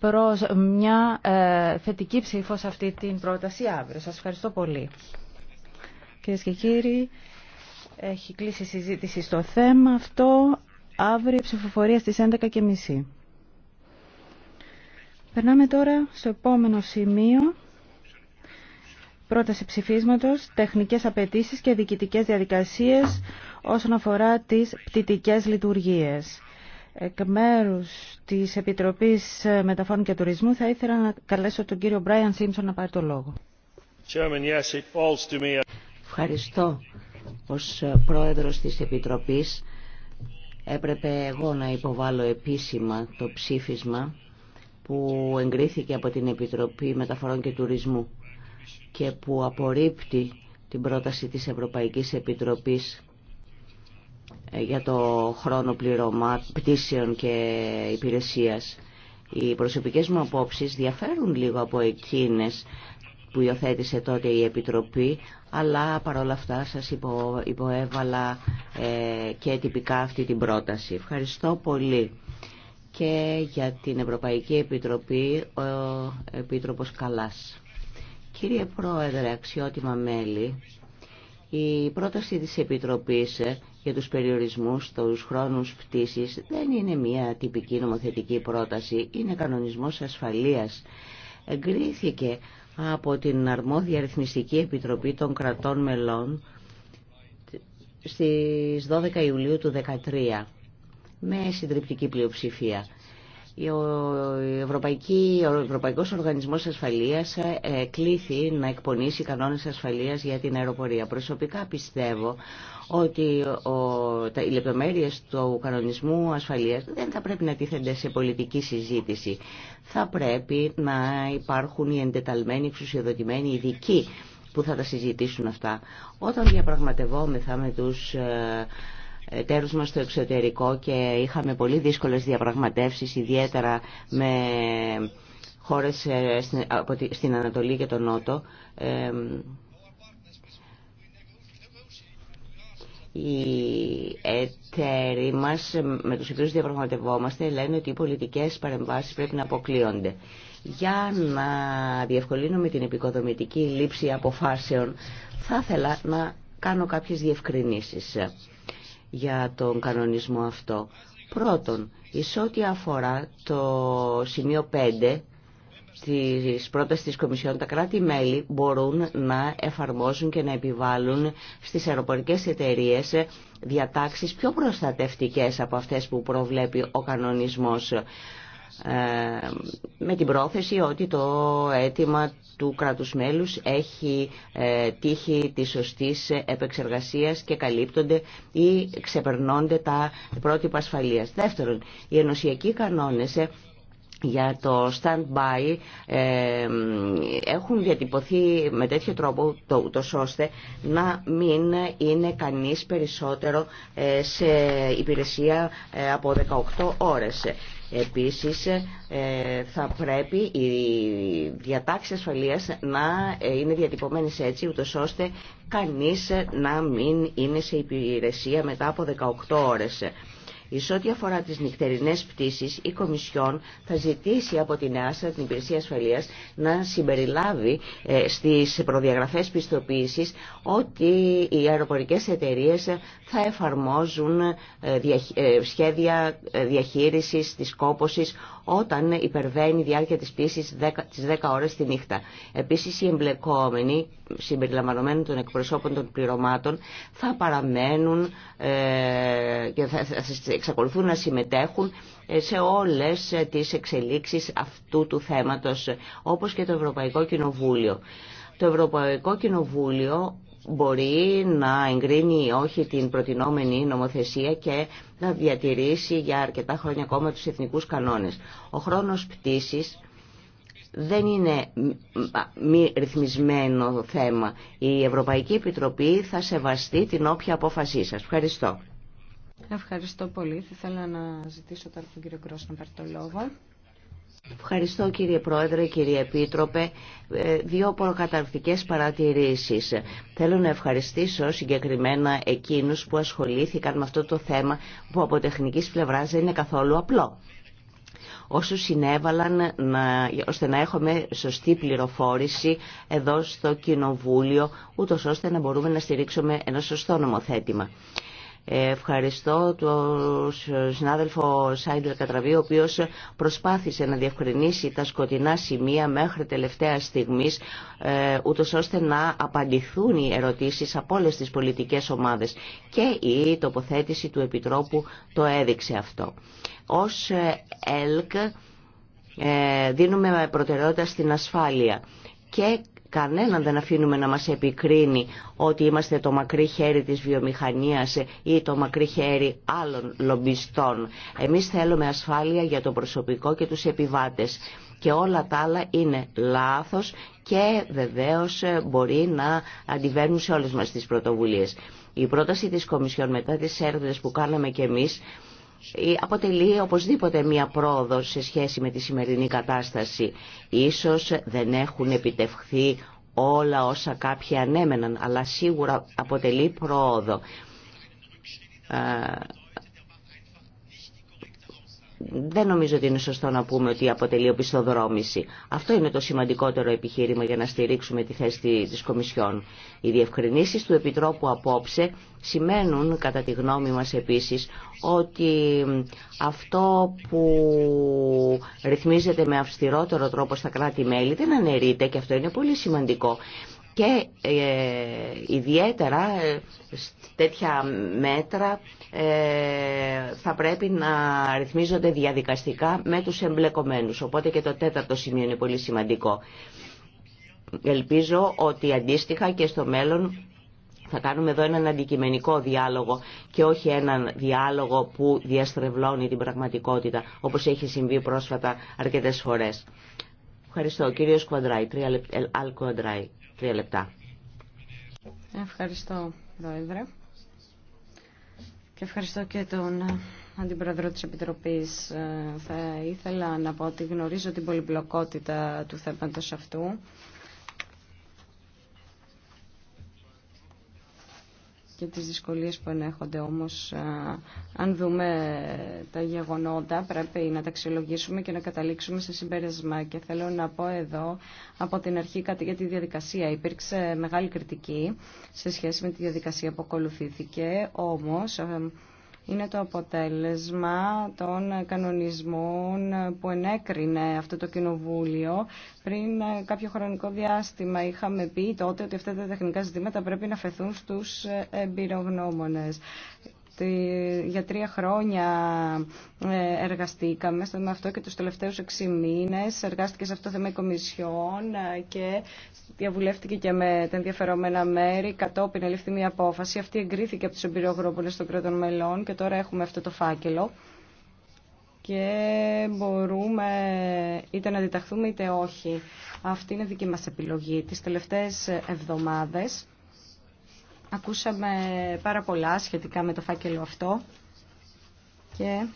προς μια ε, θετική ψήφο αυτή την πρόταση αύριο. Σας ευχαριστώ πολύ. Κυρίε και κύριοι, έχει κλείσει η συζήτηση στο θέμα αυτό. Αύριο ψηφοφορία στις 11.30. Περνάμε τώρα στο επόμενο σημείο. Πρόταση ψηφίσματος, τεχνικές απαιτήσεις και διοικητικές διαδικασίες όσον αφορά τις πτυτικές λειτουργίες. Εκ μέρου τη Επιτροπή Μεταφόρων και Τουρισμού θα ήθελα να καλέσω τον κύριο Μπράιαν Σίμψον να πάρει το λόγο. Ευχαριστώ. Ως πρόεδρος της Επιτροπής έπρεπε εγώ να υποβάλω επίσημα το ψήφισμα που εγκρίθηκε από την Επιτροπή Μεταφορών και Τουρισμού και που απορρίπτει την πρόταση της Ευρωπαϊκής Επιτροπής ε, για το χρόνο πληρώμα πτήσεων και υπηρεσίας. Οι προσωπικές μου απόψεις διαφέρουν λίγο από εκείνες που υιοθέτησε τότε η Επιτροπή, αλλά παρόλα αυτά σας υπο, υποέβαλα ε, και τυπικά αυτή την πρόταση. Ευχαριστώ πολύ και για την Ευρωπαϊκή Επιτροπή ο Επίτροπος Καλάς. Κύριε Πρόεδρε, αξιότιμα μέλη, η πρόταση της Επιτροπής για τους περιορισμούς, τους χρόνους πτήσης δεν είναι μια τυπική νομοθετική πρόταση, είναι κανονισμός ασφαλείας. Εγκρίθηκε από την Αρμόδια Ρυθμιστική Επιτροπή των Κρατών Μελών στις 12 Ιουλίου του 2013 με συντριπτική πλειοψηφία. Ο Ευρωπαϊκή, ο Ευρωπαϊκός Οργανισμός Ασφαλείας ε, κλήθη να εκπονήσει κανόνες ασφαλείας για την αεροπορία. Προσωπικά πιστεύω ότι τα, οι λεπτομέρειες του κανονισμού ασφαλεία δεν θα πρέπει να τίθενται σε πολιτική συζήτηση. Θα πρέπει να υπάρχουν οι εντεταλμένοι, εξουσιοδοτημένοι ειδικοί που θα τα συζητήσουν αυτά. Όταν διαπραγματευόμεθα με τους ε, τέρους μας στο εξωτερικό και είχαμε πολύ δύσκολες διαπραγματεύσεις, ιδιαίτερα με χώρες ε, στην Ανατολή και τον Νότο, ε, Οι εταίροι μας με τους οποίους διαπραγματευόμαστε λένε ότι οι πολιτικές παρεμβάσεις πρέπει να αποκλείονται. Για να διευκολύνουμε την επικοδομητική λήψη αποφάσεων θα ήθελα να κάνω κάποιες διευκρινήσεις για τον κανονισμό αυτό. Πρώτον, εις ό,τι αφορά το σημείο 5 στις πρώτες της Κομισιόν τα κράτη-μέλη μπορούν να εφαρμόσουν και να επιβάλλουν στις αεροπορικές εταιρείες διατάξεις πιο προστατευτικές από αυτές που προβλέπει ο κανονισμός ε, με την πρόθεση ότι το αίτημα του κράτους μέλους έχει ε, τύχει της σωστής επεξεργασίας και καλύπτονται ή ξεπερνώνται τα πρότυπα ασφαλείας. Δεύτερον, οι ενωσιακοί κανόνες για το stand-by ε, έχουν διατυπωθεί με τέτοιο τρόπο το, ώστε να μην είναι κανείς περισσότερο ε, σε υπηρεσία ε, από 18 ώρες. Επίσης θα πρέπει οι διατάξεις ασφαλείας να είναι διατυπωμένες έτσι ούτως ώστε κανείς να μην είναι σε υπηρεσία μετά από 18 ώρες. Εις ό,τι αφορά τις νυχτερινές πτήσεις, η Κομισιόν θα ζητήσει από την ΕΑΣΑ, την Υπηρεσία Ασφαλείας, να συμπεριλάβει ε, στις προδιαγραφές πιστοποίηση ότι οι αεροπορικές εταιρείες θα εφαρμόζουν ε, ε, σχέδια διαχείρισης της κόπωσης όταν υπερβαίνει η διάρκεια τη πτήσης τις 10 ώρες τη νύχτα. Επίση, οι εμπλεκόμενοι, συμπεριλαμβανομένοι των εκπροσώπων των πληρωμάτων, θα παραμένουν και θα εξακολουθούν να συμμετέχουν ε, σε όλες ε, τις εξελίξεις αυτού του θέματος, όπως και το Ευρωπαϊκό Κοινοβούλιο. Το Ευρωπαϊκό Κοινοβούλιο μπορεί να εγκρίνει ή όχι την προτινόμενη νομοθεσία και να διατηρήσει για αρκετά χρόνια ακόμα τους εθνικούς κανόνες. Ο χρόνος πτήσης δεν είναι μη ρυθμισμένο θέμα. Η Ευρωπαϊκή Επιτροπή θα σεβαστεί την όποια απόφασή σας. Ευχαριστώ. Ευχαριστώ πολύ. Θα ήθελα να ζητήσω τώρα τον κύριο Κρός να πάρει το λόγο. Ευχαριστώ κύριε Πρόεδρε, κύριε Επίτροπε. Ε, δύο προκαταρκτικές παρατηρήσεις. Θέλω να ευχαριστήσω συγκεκριμένα εκείνους που ασχολήθηκαν με αυτό το θέμα που από τεχνικής πλευράς δεν είναι καθόλου απλό όσους συνέβαλαν να, ώστε να έχουμε σωστή πληροφόρηση εδώ στο Κοινοβούλιο, ούτως ώστε να μπορούμε να στηρίξουμε ένα σωστό νομοθέτημα. Ευχαριστώ τον συνάδελφο Σάιντλ Κατραβή, ο οποίο προσπάθησε να διευκρινίσει τα σκοτεινά σημεία μέχρι τελευταία στιγμής, ε, ούτω ώστε να απαντηθούν οι ερωτήσεις από όλε τις πολιτικές ομάδες. Και η τοποθέτηση του Επιτρόπου το έδειξε αυτό. Ω ε, ΕΛΚ ε, δίνουμε προτεραιότητα στην ασφάλεια και Κανέναν δεν αφήνουμε να μας επικρίνει ότι είμαστε το μακρύ χέρι της βιομηχανίας ή το μακρύ χέρι άλλων λομπιστών. Εμείς θέλουμε ασφάλεια για το προσωπικό και τους επιβάτες. Και όλα τα άλλα είναι λάθος και βεβαίως ε, μπορεί να αντιβαίνουν σε όλες μας τις πρωτοβουλίες. Η πρόταση της Κομισιόν μετά τις έρευνες που κάναμε και εμείς ε, αποτελεί οπωσδήποτε μία πρόοδο σε σχέση με τη σημερινή κατάσταση. Ίσως δεν έχουν επιτευχθεί όλα όσα κάποιοι ανέμεναν, αλλά σίγουρα αποτελεί πρόοδο δεν νομίζω ότι είναι σωστό να πούμε ότι αποτελεί οπισθοδρόμηση. Αυτό είναι το σημαντικότερο επιχείρημα για να στηρίξουμε τη θέση της Κομισιόν. Οι διευκρινήσεις του Επιτρόπου απόψε σημαίνουν, κατά τη γνώμη μας επίσης, ότι αυτό που ρυθμίζεται με αυστηρότερο τρόπο στα κράτη-μέλη δεν αναιρείται και αυτό είναι πολύ σημαντικό και ε, ιδιαίτερα ε, τέτοια μέτρα ε, θα πρέπει να ρυθμίζονται διαδικαστικά με τους εμπλεκομένους. Οπότε και το τέταρτο σημείο είναι πολύ σημαντικό. Ελπίζω ότι αντίστοιχα και στο μέλλον θα κάνουμε εδώ έναν αντικειμενικό διάλογο και όχι έναν διάλογο που διαστρεβλώνει την πραγματικότητα όπως έχει συμβεί πρόσφατα αρκετές φορές. Ευχαριστώ. Κύριος τρία λεπτά. Τρία λεπτά. Ευχαριστώ, Πρόεδρε. Και ευχαριστώ και τον Αντιπρόεδρο της Επιτροπής. Ε, θα ήθελα να πω ότι γνωρίζω την πολυπλοκότητα του θέματος αυτού και τις δυσκολίες που ενέχονται όμως αν δούμε τα γεγονότα πρέπει να τα αξιολογήσουμε και να καταλήξουμε σε συμπέρασμα και θέλω να πω εδώ από την αρχή κάτι για τη διαδικασία υπήρξε μεγάλη κριτική σε σχέση με τη διαδικασία που ακολουθήθηκε όμως είναι το αποτέλεσμα των κανονισμών που ενέκρινε αυτό το κοινοβούλιο. Πριν κάποιο χρονικό διάστημα είχαμε πει τότε ότι αυτά τα τεχνικά ζητήματα πρέπει να φεθούν στους εμπειρογνώμονες ότι για τρία χρόνια ε, εργαστήκαμε στο αυτό και τους τελευταίους εξή μήνες εργάστηκε σε αυτό το θέμα η Κομισιόν ε, και διαβουλεύτηκε και με τα ενδιαφερόμενα μέρη κατόπιν ελήφθη μια απόφαση. Αυτή εγκρίθηκε από τους εμπειρογρόπονες των κρατών μελών και τώρα έχουμε αυτό το φάκελο και μπορούμε είτε να διταχθούμε είτε όχι. Αυτή είναι δική μας επιλογή. Τις τελευταίες εβδομάδες Ακούσαμε πάρα πολλά σχετικά με το φάκελο αυτό και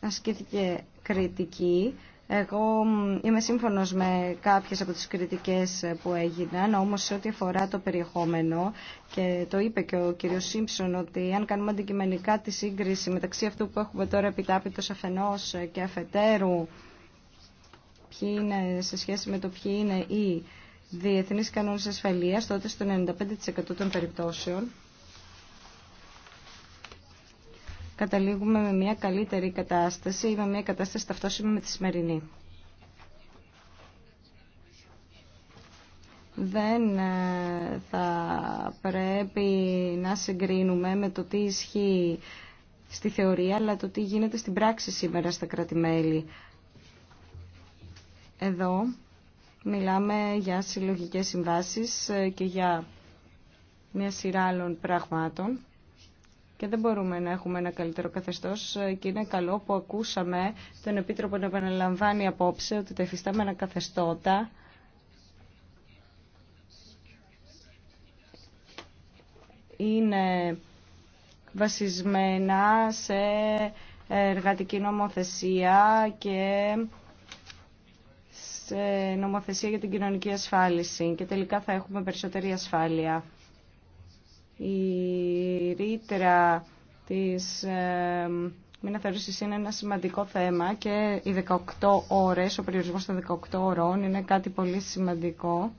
ασκήθηκε κριτική. Εγώ είμαι σύμφωνος με κάποιες από τις κριτικές που έγιναν, όμως σε ό,τι αφορά το περιεχόμενο και το είπε και ο κύριος Σίμψον ότι αν κάνουμε αντικειμενικά τη σύγκριση μεταξύ αυτού που έχουμε τώρα επιτάπητος αφενός και αφετέρου ποιοι είναι σε σχέση με το ποιοι είναι οι διεθνείς κανόνες ασφαλείας, τότε στο 95% των περιπτώσεων καταλήγουμε με μια καλύτερη κατάσταση ή με μια κατάσταση ταυτόσιμη με τη σημερινή. δεν ε, θα πρέπει να συγκρίνουμε με το τι ισχύει στη θεωρία, αλλά το τι γίνεται στην πράξη σήμερα στα κρατη Εδώ Μιλάμε για συλλογικές συμβάσεις ε, και για μια σειρά άλλων πραγμάτων και δεν μπορούμε να έχουμε ένα καλύτερο καθεστώς ε, και είναι καλό που ακούσαμε τον Επίτροπο να επαναλαμβάνει απόψε ότι τα εφιστάμενα καθεστώτα είναι βασισμένα σε εργατική νομοθεσία και σε νομοθεσία για την κοινωνική ασφάλιση και τελικά θα έχουμε περισσότερη ασφάλεια. Η ρήτρα της ε, μήνα είναι ένα σημαντικό θέμα και οι 18 ώρες, ο περιορισμός των 18 ώρων είναι κάτι πολύ σημαντικό.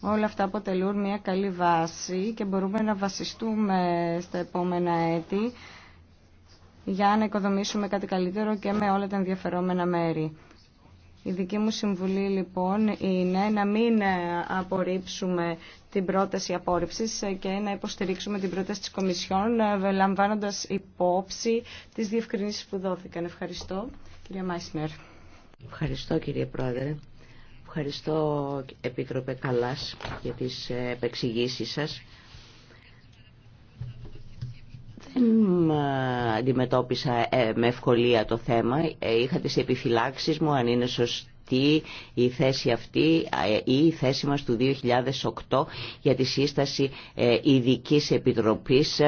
Όλα αυτά αποτελούν μια καλή βάση και μπορούμε να βασιστούμε στα επόμενα έτη για να οικοδομήσουμε κάτι καλύτερο και με όλα τα ενδιαφερόμενα μέρη. Η δική μου συμβουλή λοιπόν είναι να μην ε, απορρίψουμε την πρόταση απόρριψης ε, και να υποστηρίξουμε την πρόταση της Κομισιόν ε, λαμβάνοντας υπόψη τις διευκρινήσεις που δόθηκαν. Ευχαριστώ κυρία Μάισνερ. Ευχαριστώ κύριε Πρόεδρε. Ευχαριστώ Επίτροπε Καλάς για τις επεξηγήσεις σας. Δεν αντιμετώπισα ε, με ευκολία το θέμα. Ε, είχα τις επιφυλάξεις μου αν είναι σωστή η θέση αυτή ε, ή η θέση μας του 2008 για τη σύσταση ειδική επιτροπής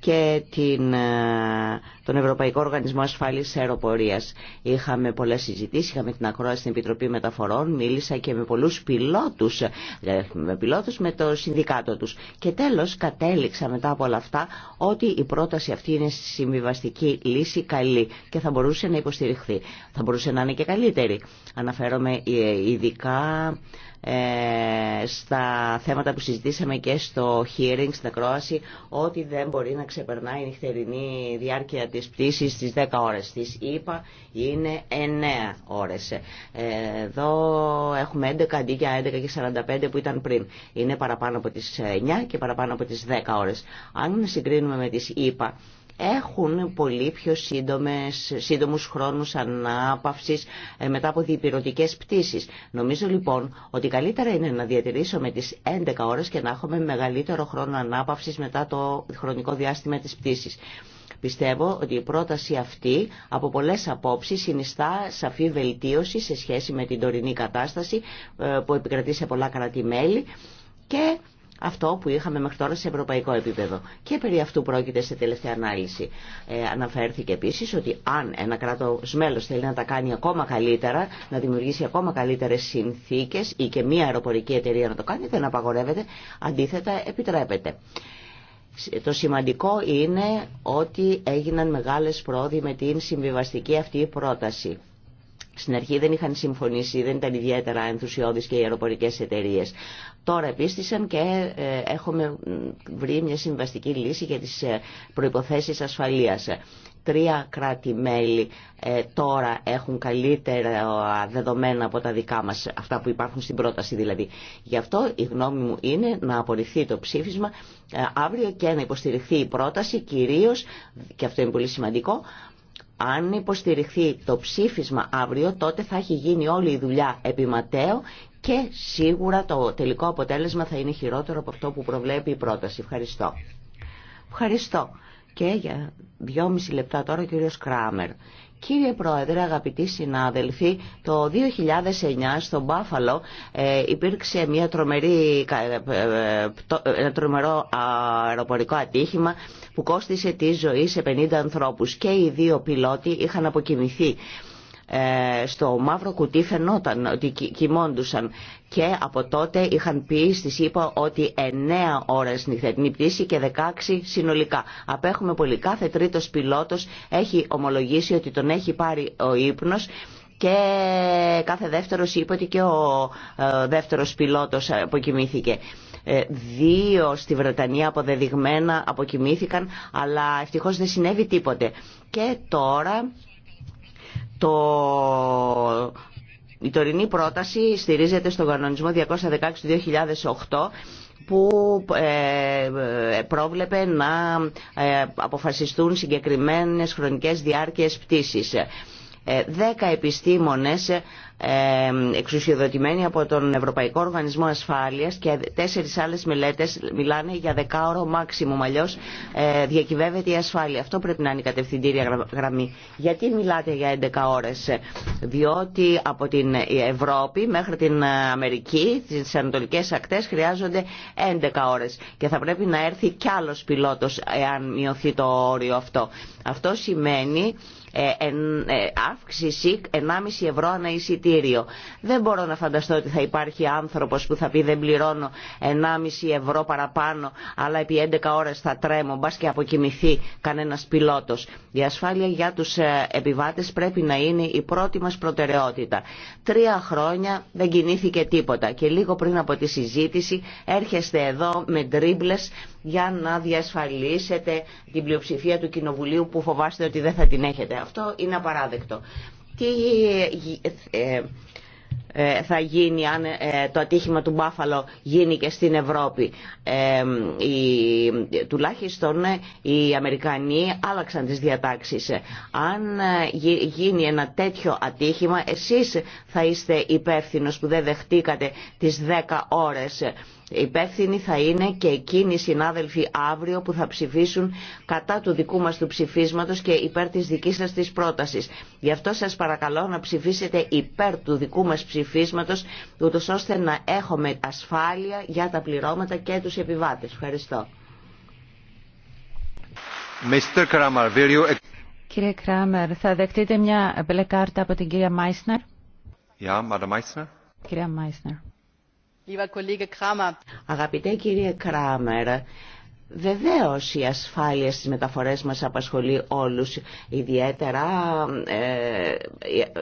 και ε, τον Ευρωπαϊκό Οργανισμό Ασφάλισης Αεροπορίας. Είχαμε πολλές συζητήσεις, είχαμε την ακρόαση στην Επιτροπή Μεταφορών, μίλησα και με πολλούς πιλότους, ε, με πιλότους με το συνδικάτο τους. Και τέλος κατέληξα μετά από όλα αυτά ότι η πρόταση αυτή είναι συμβιβαστική λύση καλή και θα μπορούσε να υποστηριχθεί. Θα μπορούσε να είναι και καλύτερη. Αναφέρομαι ε, ειδικά ε, στα θέματα που συζητήσαμε και στο hearing στην ακρόαση ότι δεν μπορεί να ξεπερνάει η νυχτερινή διάρκεια της πτήσης στις 10 ώρες. Στις ΕΠΑ είναι 9 ώρες. Ε, εδώ έχουμε 11 αντί για 11 και 45 που ήταν πριν. Είναι παραπάνω από τις 9 και παραπάνω από τις 10 ώρες. Αν συγκρίνουμε με τις ΕΠΑ έχουν πολύ πιο σύντομες, σύντομους χρόνους ανάπαυσης ε, μετά από διπυρωτικές πτήσεις. Νομίζω λοιπόν ότι καλύτερα είναι να διατηρήσουμε τις 11 ώρες και να έχουμε μεγαλύτερο χρόνο ανάπαυσης μετά το χρονικό διάστημα της πτήσης. Πιστεύω ότι η πρόταση αυτή από πολλές απόψεις συνιστά σαφή βελτίωση σε σχέση με την τωρινή κατάσταση ε, που επικρατεί σε πολλά κράτη-μέλη και αυτό που είχαμε μέχρι τώρα σε ευρωπαϊκό επίπεδο. Και περί αυτού πρόκειται σε τελευταία ανάλυση. Ε, αναφέρθηκε επίση ότι αν ένα κράτο μέλο θέλει να τα κάνει ακόμα καλύτερα, να δημιουργήσει ακόμα καλύτερε συνθήκε ή και μία αεροπορική εταιρεία να το κάνει, δεν απαγορεύεται, αντίθετα επιτρέπεται. Το σημαντικό είναι ότι έγιναν μεγάλες πρόοδοι με την συμβιβαστική αυτή πρόταση. Στην αρχή δεν είχαν συμφωνήσει, δεν ήταν ιδιαίτερα ενθουσιώδεις και οι αεροπορικές εταιρείες. Τώρα επίστησαν και ε, έχουμε βρει μια συμβαστική λύση για τις ε, προϋποθέσεις ασφαλείας. Τρία κράτη-μέλη ε, τώρα έχουν καλύτερα δεδομένα από τα δικά μας, αυτά που υπάρχουν στην πρόταση δηλαδή. Γι' αυτό η γνώμη μου είναι να απορριφθεί το ψήφισμα αύριο και να υποστηριχθεί η πρόταση κυρίως, και αυτό είναι πολύ σημαντικό, αν υποστηριχθεί το ψήφισμα αύριο, τότε θα έχει γίνει όλη η δουλειά επιματέω και σίγουρα το τελικό αποτέλεσμα θα είναι χειρότερο από αυτό που προβλέπει η πρόταση. Ευχαριστώ. Ευχαριστώ. Και για δυόμιση λεπτά τώρα ο κύριος Κράμερ. Κύριε Πρόεδρε, αγαπητοί συνάδελφοι, το 2009 στο Μπάφαλο ε, υπήρξε μια τρομερή, ε, ε, ένα τρομερό αεροπορικό ατύχημα που κόστισε τη ζωή σε 50 ανθρώπους και οι δύο πιλότοι είχαν αποκοιμηθεί. Ε, στο μαύρο κουτί φαινόταν ότι κοιμόντουσαν και από τότε είχαν πει στη ΣΥΠΑ ότι 9 ώρες νυχτερινή πτήση και 16 συνολικά. Απέχουμε πολύ. Κάθε τρίτος πιλότος έχει ομολογήσει ότι τον έχει πάρει ο ύπνος και κάθε δεύτερος είπε ότι και ο ε, δεύτερος πιλότος αποκοιμήθηκε. Ε, δύο στη Βρετανία αποδεδειγμένα αποκοιμήθηκαν, αλλά ευτυχώς δεν συνέβη τίποτε. Και τώρα το... Η τωρινή πρόταση στηρίζεται στον κανονισμό 216 του 2008 που ε, ε, πρόβλεπε να ε, αποφασιστούν συγκεκριμένες χρονικές διάρκειες πτήσης. Δέκα επιστήμονες εξουσιοδοτημένη από τον Ευρωπαϊκό Οργανισμό Ασφάλειας και τέσσερις άλλες μελέτες μιλάνε για δεκάωρο μάξιμουμ αλλιώς ε, διακυβεύεται η ασφάλεια. Αυτό πρέπει να είναι η κατευθυντήρια γραμμή. Γιατί μιλάτε για 11 ώρες, διότι από την Ευρώπη μέχρι την Αμερική, τις ανατολικές ακτές χρειάζονται 11 ώρες και θα πρέπει να έρθει κι άλλος πιλότος εάν μειωθεί το όριο αυτό. Αυτό σημαίνει ε, ε, αύξηση 1,5 ευρώ ανά εισιτήριο. Δεν μπορώ να φανταστώ ότι θα υπάρχει άνθρωπος που θα πει δεν πληρώνω 1,5 ευρώ παραπάνω αλλά επί 11 ώρες θα τρέμω, μπας και αποκοιμηθεί κανένας πιλότος. Η ασφάλεια για τους ε, επιβάτες πρέπει να είναι η πρώτη μας προτεραιότητα. Τρία χρόνια δεν κινήθηκε τίποτα και λίγο πριν από τη συζήτηση έρχεστε εδώ με τρίμπλες για να διασφαλίσετε την πλειοψηφία του Κοινοβουλίου που φοβάστε ότι δεν θα την έχετε. Αυτό είναι απαράδεκτο. Τι ε, ε, θα γίνει αν ε, το ατύχημα του Μπάφαλο γίνει και στην Ευρώπη. οι, τουλάχιστον οι Αμερικανοί άλλαξαν τις διατάξεις. Αν γίνει ένα τέτοιο ατύχημα, εσείς θα είστε υπεύθυνος που δεν δεχτήκατε τις 10 ώρες Υπεύθυνοι θα είναι και εκείνοι οι συνάδελφοι αύριο που θα ψηφίσουν κατά του δικού μας του ψηφίσματος και υπέρ της δικής σας της πρότασης. Γι' αυτό σας παρακαλώ να ψηφίσετε υπέρ του δικού μας ψηφίσματος, ούτως ώστε να έχουμε ασφάλεια για τα πληρώματα και τους επιβάτες. Ευχαριστώ. Κύριε Κράμερ, θα δεχτείτε μια μπλε κάρτα από την κυρία Μάισνερ. Κυρία Μάισνερ. Αγαπητέ κύριε Κράμερ, Βεβαίω η ασφάλεια στις μεταφορές μας απασχολεί όλους, ιδιαίτερα ε,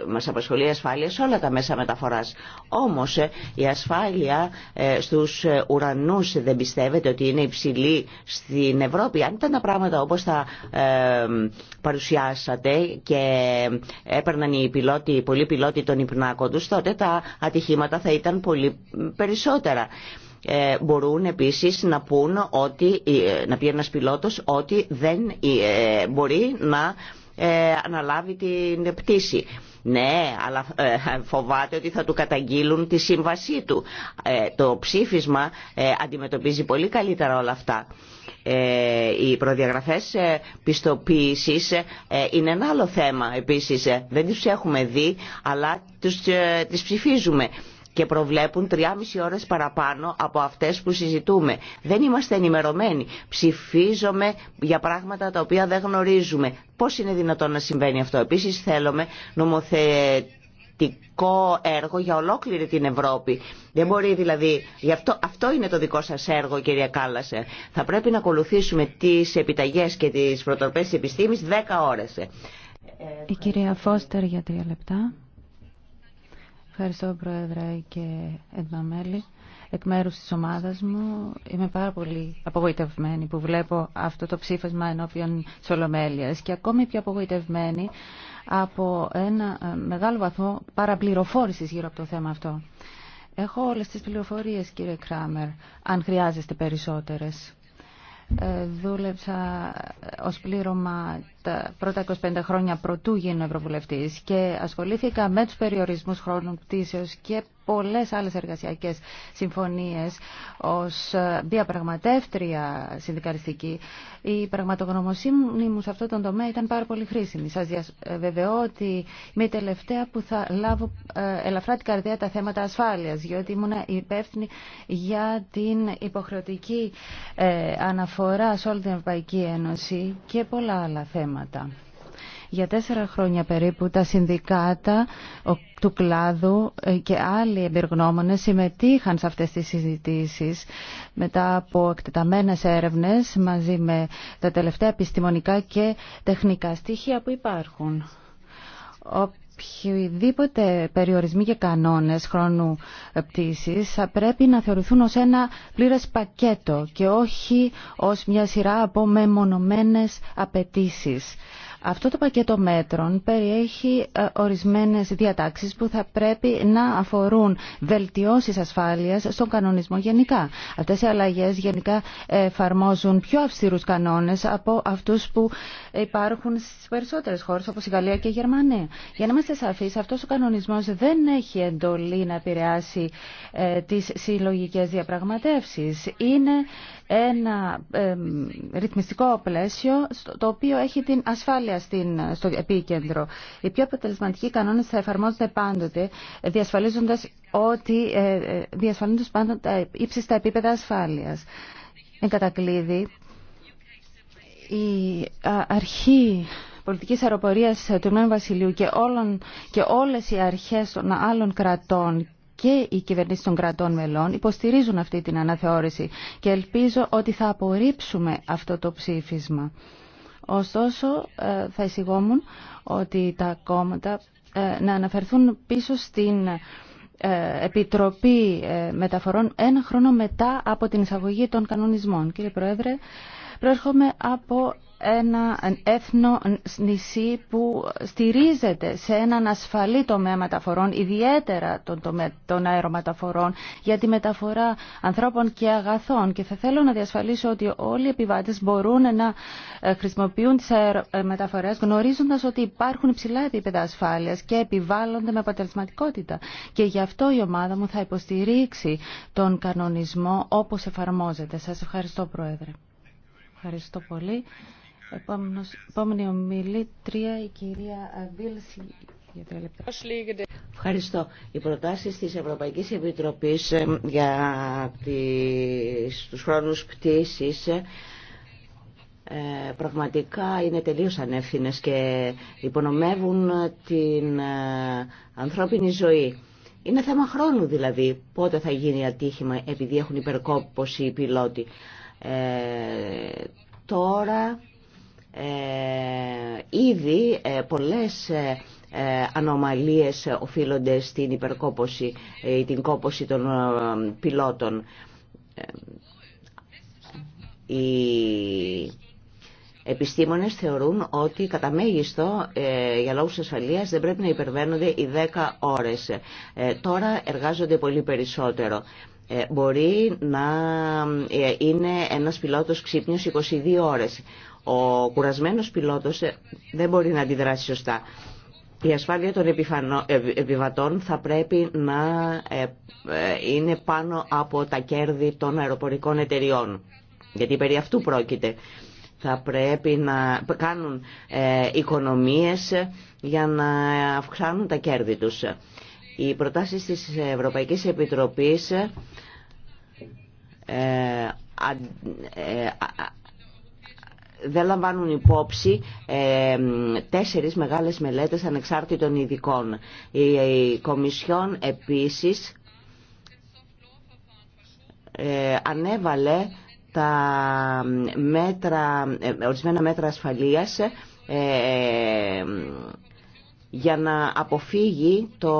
μας απασχολεί η ασφάλεια σε όλα τα μέσα μεταφοράς. Όμως ε, η ασφάλεια ε, στους ε, ουρανούς δεν πιστεύετε ότι είναι υψηλή στην Ευρώπη. Αν ήταν τα πράγματα όπως τα παρουσιάσατε και έπαιρναν οι, πιλότοι, πολλοί πιλότοι τον υπνάκο τους, τότε τα ατυχήματα θα ήταν πολύ περισσότερα. Ε, μπορούν επίσης να πούν ότι, ε, να πει ένας πιλότος ότι δεν ε, μπορεί να αναλάβει την πτήση. Ναι, αλλά φοβάται ότι θα του καταγγείλουν τη σύμβασή του. Το ψήφισμα αντιμετωπίζει πολύ καλύτερα όλα αυτά. Οι προδιαγραφές πιστοποίησης είναι ένα άλλο θέμα επίσης. Δεν τις έχουμε δει, αλλά τις ψηφίζουμε και προβλέπουν 3,5 ώρες παραπάνω από αυτές που συζητούμε. Δεν είμαστε ενημερωμένοι. Ψηφίζομαι για πράγματα τα οποία δεν γνωρίζουμε. Πώς είναι δυνατόν να συμβαίνει αυτό. Επίσης θέλουμε νομοθετικό έργο για ολόκληρη την Ευρώπη. Δεν μπορεί δηλαδή, γι' αυτό, αυτό είναι το δικό σας έργο κυρία Κάλασε. Θα πρέπει να ακολουθήσουμε τις επιταγές και τις προτροπές της επιστήμης 10 ώρες. Ε, ε, Η κυρία Φώστερ για τρία λεπτά. Ευχαριστώ, Πρόεδρε και Ενταμέλη. Εκ μέρου τη ομάδα μου είμαι πάρα πολύ απογοητευμένη που βλέπω αυτό το ψήφισμα ενώπιον τη Ολομέλεια και ακόμη πιο απογοητευμένη από ένα ε, μεγάλο βαθμό παραπληροφόρηση γύρω από το θέμα αυτό. Έχω όλε τι πληροφορίε, κύριε Κράμερ, αν χρειάζεστε περισσότερες. Ε, δούλεψα ε, ως πλήρωμα τα πρώτα 25 χρόνια πρωτού γίνω ευρωβουλευτή και ασχολήθηκα με του περιορισμού χρόνου πτήσεως και πολλέ άλλε εργασιακέ συμφωνίε ω ε, διαπραγματεύτρια συνδικαλιστική. Η πραγματογνωμοσύνη μου σε αυτό τον τομέα ήταν πάρα πολύ χρήσιμη. Σα ε, βεβαιώ ότι είμαι η τελευταία που θα λάβω ε, ελαφρά την καρδιά τα θέματα ασφάλεια, διότι ήμουν υπεύθυνη για την υποχρεωτική αναφορά σε όλη την Ευρωπαϊκή Ένωση και πολλά άλλα θέματα. Για τέσσερα χρόνια περίπου τα συνδικάτα του κλάδου ε, και άλλοι εμπειρογνώμονες συμμετείχαν σε αυτές τις συζητήσεις μετά από εκτεταμένες έρευνες μαζί με τα τελευταία επιστημονικά και τεχνικά στοιχεία που υπάρχουν οποιοδήποτε περιορισμοί και κανόνες χρόνου πτήσης θα πρέπει να θεωρηθούν ως ένα πλήρες πακέτο και όχι ως μια σειρά από μεμονωμένες απαιτήσει. Αυτό το πακέτο μέτρων περιέχει ε, ορισμένες διατάξεις που θα πρέπει να αφορούν βελτιώσεις ασφάλειας στον κανονισμό γενικά. Αυτές οι αλλαγές γενικά εφαρμόζουν πιο αυστηρούς κανόνες από αυτούς που υπάρχουν στις περισσότερες χώρες όπως η Γαλλία και η Γερμανία. Για να είμαστε σαφείς, αυτός ο κανονισμός δεν έχει εντολή να επηρεάσει ε, τις συλλογικές διαπραγματεύσεις. Είναι ένα ρυθμιστικό πλαίσιο το οποίο έχει την ασφάλεια στο επίκεντρο. Οι πιο αποτελεσματικοί κανόνε θα εφαρμόζονται πάντοτε, διασφαλίζοντας ότι ε, ε, διασφαλίζοντας πάντα τα ύψιστα επίπεδα ασφάλεια. Εν κατακλείδη, η αρχή πολιτικής αεροπορίας του Ηνωμένου Βασιλείου και, όλων, και όλες οι αρχές των άλλων κρατών και οι κυβερνήσει των κρατών μελών υποστηρίζουν αυτή την αναθεώρηση και ελπίζω ότι θα απορρίψουμε αυτό το ψήφισμα. Ωστόσο, ε, θα εισηγόμουν ότι τα κόμματα ε, να αναφερθούν πίσω στην ε, Επιτροπή Μεταφορών ένα χρόνο μετά από την εισαγωγή των κανονισμών. Κύριε Πρόεδρε, προέρχομαι από ένα έθνο νησί που στηρίζεται σε έναν ασφαλή τομέα μεταφορών, ιδιαίτερα τον τομέα των αερομεταφορών, για τη μεταφορά ανθρώπων και αγαθών. Και θα θέλω να διασφαλίσω ότι όλοι οι επιβάτες μπορούν να ε, χρησιμοποιούν τις αερομεταφορές ε, γνωρίζοντας ότι υπάρχουν υψηλά επίπεδα ασφάλειας και επιβάλλονται με αποτελεσματικότητα. Και γι' αυτό η ομάδα μου θα υποστηρίξει τον κανονισμό όπως εφαρμόζεται. Σας ευχαριστώ Πρόεδρε. Ευχαριστώ πολύ επόμενη ομιλήτρια, η κυρία Αμπίλση. Για λεπτά. Ευχαριστώ. Οι προτάσεις της Ευρωπαϊκής Επιτροπής ε, για τις, τους χρόνους πτήσης ε, πραγματικά είναι τελείως ανεύθυνες και υπονομεύουν την ε, ανθρώπινη ζωή. Είναι θέμα χρόνου δηλαδή πότε θα γίνει ατύχημα επειδή έχουν υπερκόπωση οι πιλότοι. τώρα ε, ήδη ε, πολλές ε, ανομαλίες οφείλονται στην υπερκόπωση ή την κόπωση των πιλότων. Οι επιστήμονες θεωρούν ότι κατά μέγιστο για λόγους ασφαλείας δεν πρέπει να υπερβαίνονται οι 10 ώρες. Τώρα εργάζονται πολύ περισσότερο. Μπορεί να είναι ένας πιλότος ξύπνιος 22 ώρες. Ο κουρασμένος πιλότος ε, δεν μπορεί να αντιδράσει σωστά. Η ασφάλεια των ε, επιβατών θα πρέπει να ε, είναι πάνω από τα κέρδη των αεροπορικών εταιριών. Γιατί περί αυτού πρόκειται. Θα πρέπει να κάνουν οικονομίες για να αυξάνουν τα κέρδη τους. Οι προτάσεις της Ευρωπαϊκής Επιτροπής δεν λαμβάνουν υπόψη ε, τέσσερις μεγάλες μελέτες ανεξάρτητων ειδικών. Η, η Κομισιόν επίσης ε, ανέβαλε τα μέτρα, ε, ορισμένα μέτρα ασφαλείας ε, για να αποφύγει το...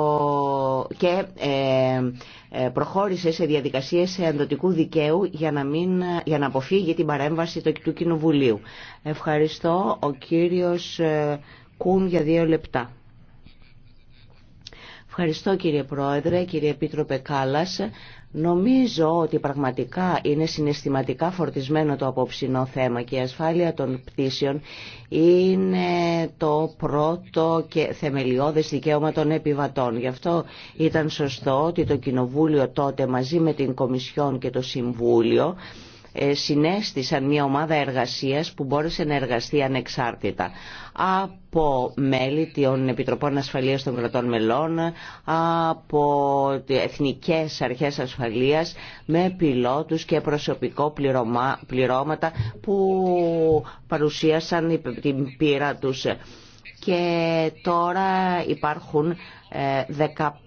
και ε, ε, προχώρησε σε διαδικασίες εντοτικού δικαίου για να, μην... για να αποφύγει την παρέμβαση του Κοινοβουλίου. Ευχαριστώ. Ο κύριος ε, Κούν για δύο λεπτά. Ευχαριστώ κύριε Πρόεδρε, κύριε Επίτροπε Κάλλας. Νομίζω ότι πραγματικά είναι συναισθηματικά φορτισμένο το απόψινό θέμα και η ασφάλεια των πτήσεων είναι το πρώτο και θεμελιώδες δικαίωμα των επιβατών. Γι' αυτό ήταν σωστό ότι το Κοινοβούλιο τότε μαζί με την Κομισιόν και το Συμβούλιο ε, συνέστησαν μια ομάδα εργασίας που μπόρεσε να εργαστεί ανεξάρτητα από μέλη των Επιτροπών Ασφαλείας των Κρατών Μελών, από εθνικές αρχές ασφαλείας, με πιλότους και προσωπικό πληρώματα που παρουσίασαν την πείρα τους. Και τώρα υπάρχουν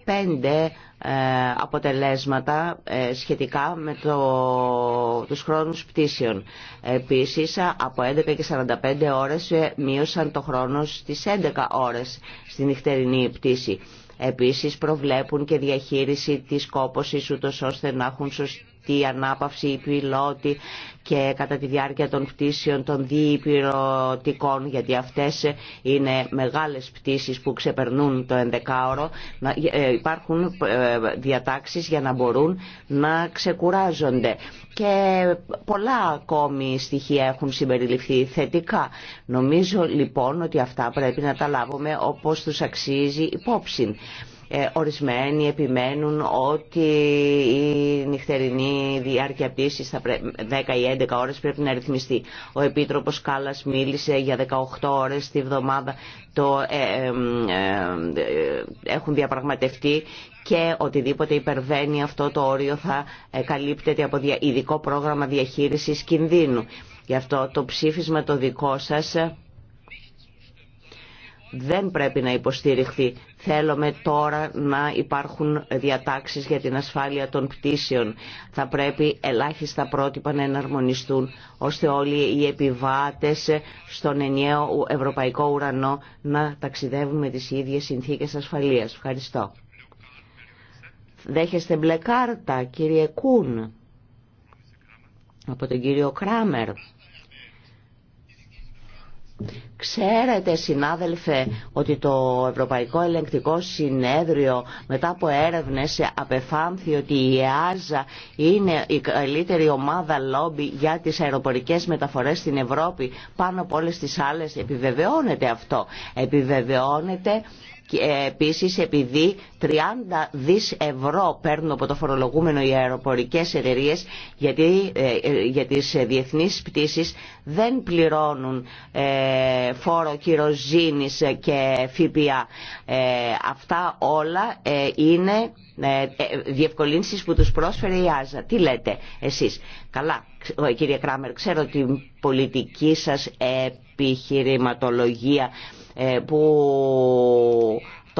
15 ε, ε, αποτελέσματα ε, σχετικά με το, τους χρόνους πτήσεων. Επίσης από 11 και 45 ώρες ε, μείωσαν το χρόνο στις 11 ώρες στη νυχτερινή πτήση. Επίσης προβλέπουν και διαχείριση της κόπωσης ούτως ώστε να έχουν σωστή η ανάπαυση, οι πιλότοι και κατά τη διάρκεια των πτήσεων των διπυρωτικών, γιατί αυτές είναι μεγάλες πτήσεις που ξεπερνούν το 11ωρο, ε, υπάρχουν ε, διατάξεις για να μπορούν να ξεκουράζονται. Και πολλά ακόμη στοιχεία έχουν συμπεριληφθεί θετικά. Νομίζω λοιπόν ότι αυτά πρέπει να τα λάβουμε όπως τους αξίζει υπόψη. Ε, ορισμένοι επιμένουν ότι η νυχτερινή διάρκεια στα 10 ή 11 ώρες πρέπει να ρυθμιστεί. Ο Επίτροπος Κάλλας μίλησε για 18 ώρες τη βδομάδα. Το, ε, ε, ε, ε, έχουν διαπραγματευτεί και οτιδήποτε υπερβαίνει αυτό το όριο θα ε, καλύπτεται από ειδικό πρόγραμμα διαχείρισης κινδύνου. Γι' αυτό το ψήφισμα το δικό σας δεν πρέπει να υποστηριχθεί. Θέλουμε τώρα να υπάρχουν διατάξεις για την ασφάλεια των πτήσεων. Θα πρέπει ελάχιστα πρότυπα να εναρμονιστούν ώστε όλοι οι επιβάτες στον ενιαίο ευρωπαϊκό ουρανό να ταξιδεύουν με τις ίδιες συνθήκες ασφαλείας. Ευχαριστώ. Δέχεστε μπλε κάρτα, κύριε Κούν, από τον κύριο Κράμερ. Ξέρετε συνάδελφε ότι το Ευρωπαϊκό Ελεγκτικό Συνέδριο μετά από έρευνες απεφάνθη ότι η ΕΑΖΑ είναι η καλύτερη ομάδα λόμπι για τις αεροπορικές μεταφορές στην Ευρώπη πάνω από όλες τις άλλες. Επιβεβαιώνεται αυτό. Επιβεβαιώνεται και ε, επίσης επειδή 30 δις ευρώ παίρνουν από το φορολογούμενο οι αεροπορικές εταιρείε γιατί ε, ε, για τις διεθνείς πτήσεις δεν πληρώνουν φόρο κυροζήνης και ΦΠΑ. αυτά όλα είναι ε, ε, διευκολύνσεις που τους πρόσφερε η Άζα. Τι λέτε εσείς. Καλά, ε, κύριε Κράμερ, ξέρω την πολιτική σας επιχειρηματολογία που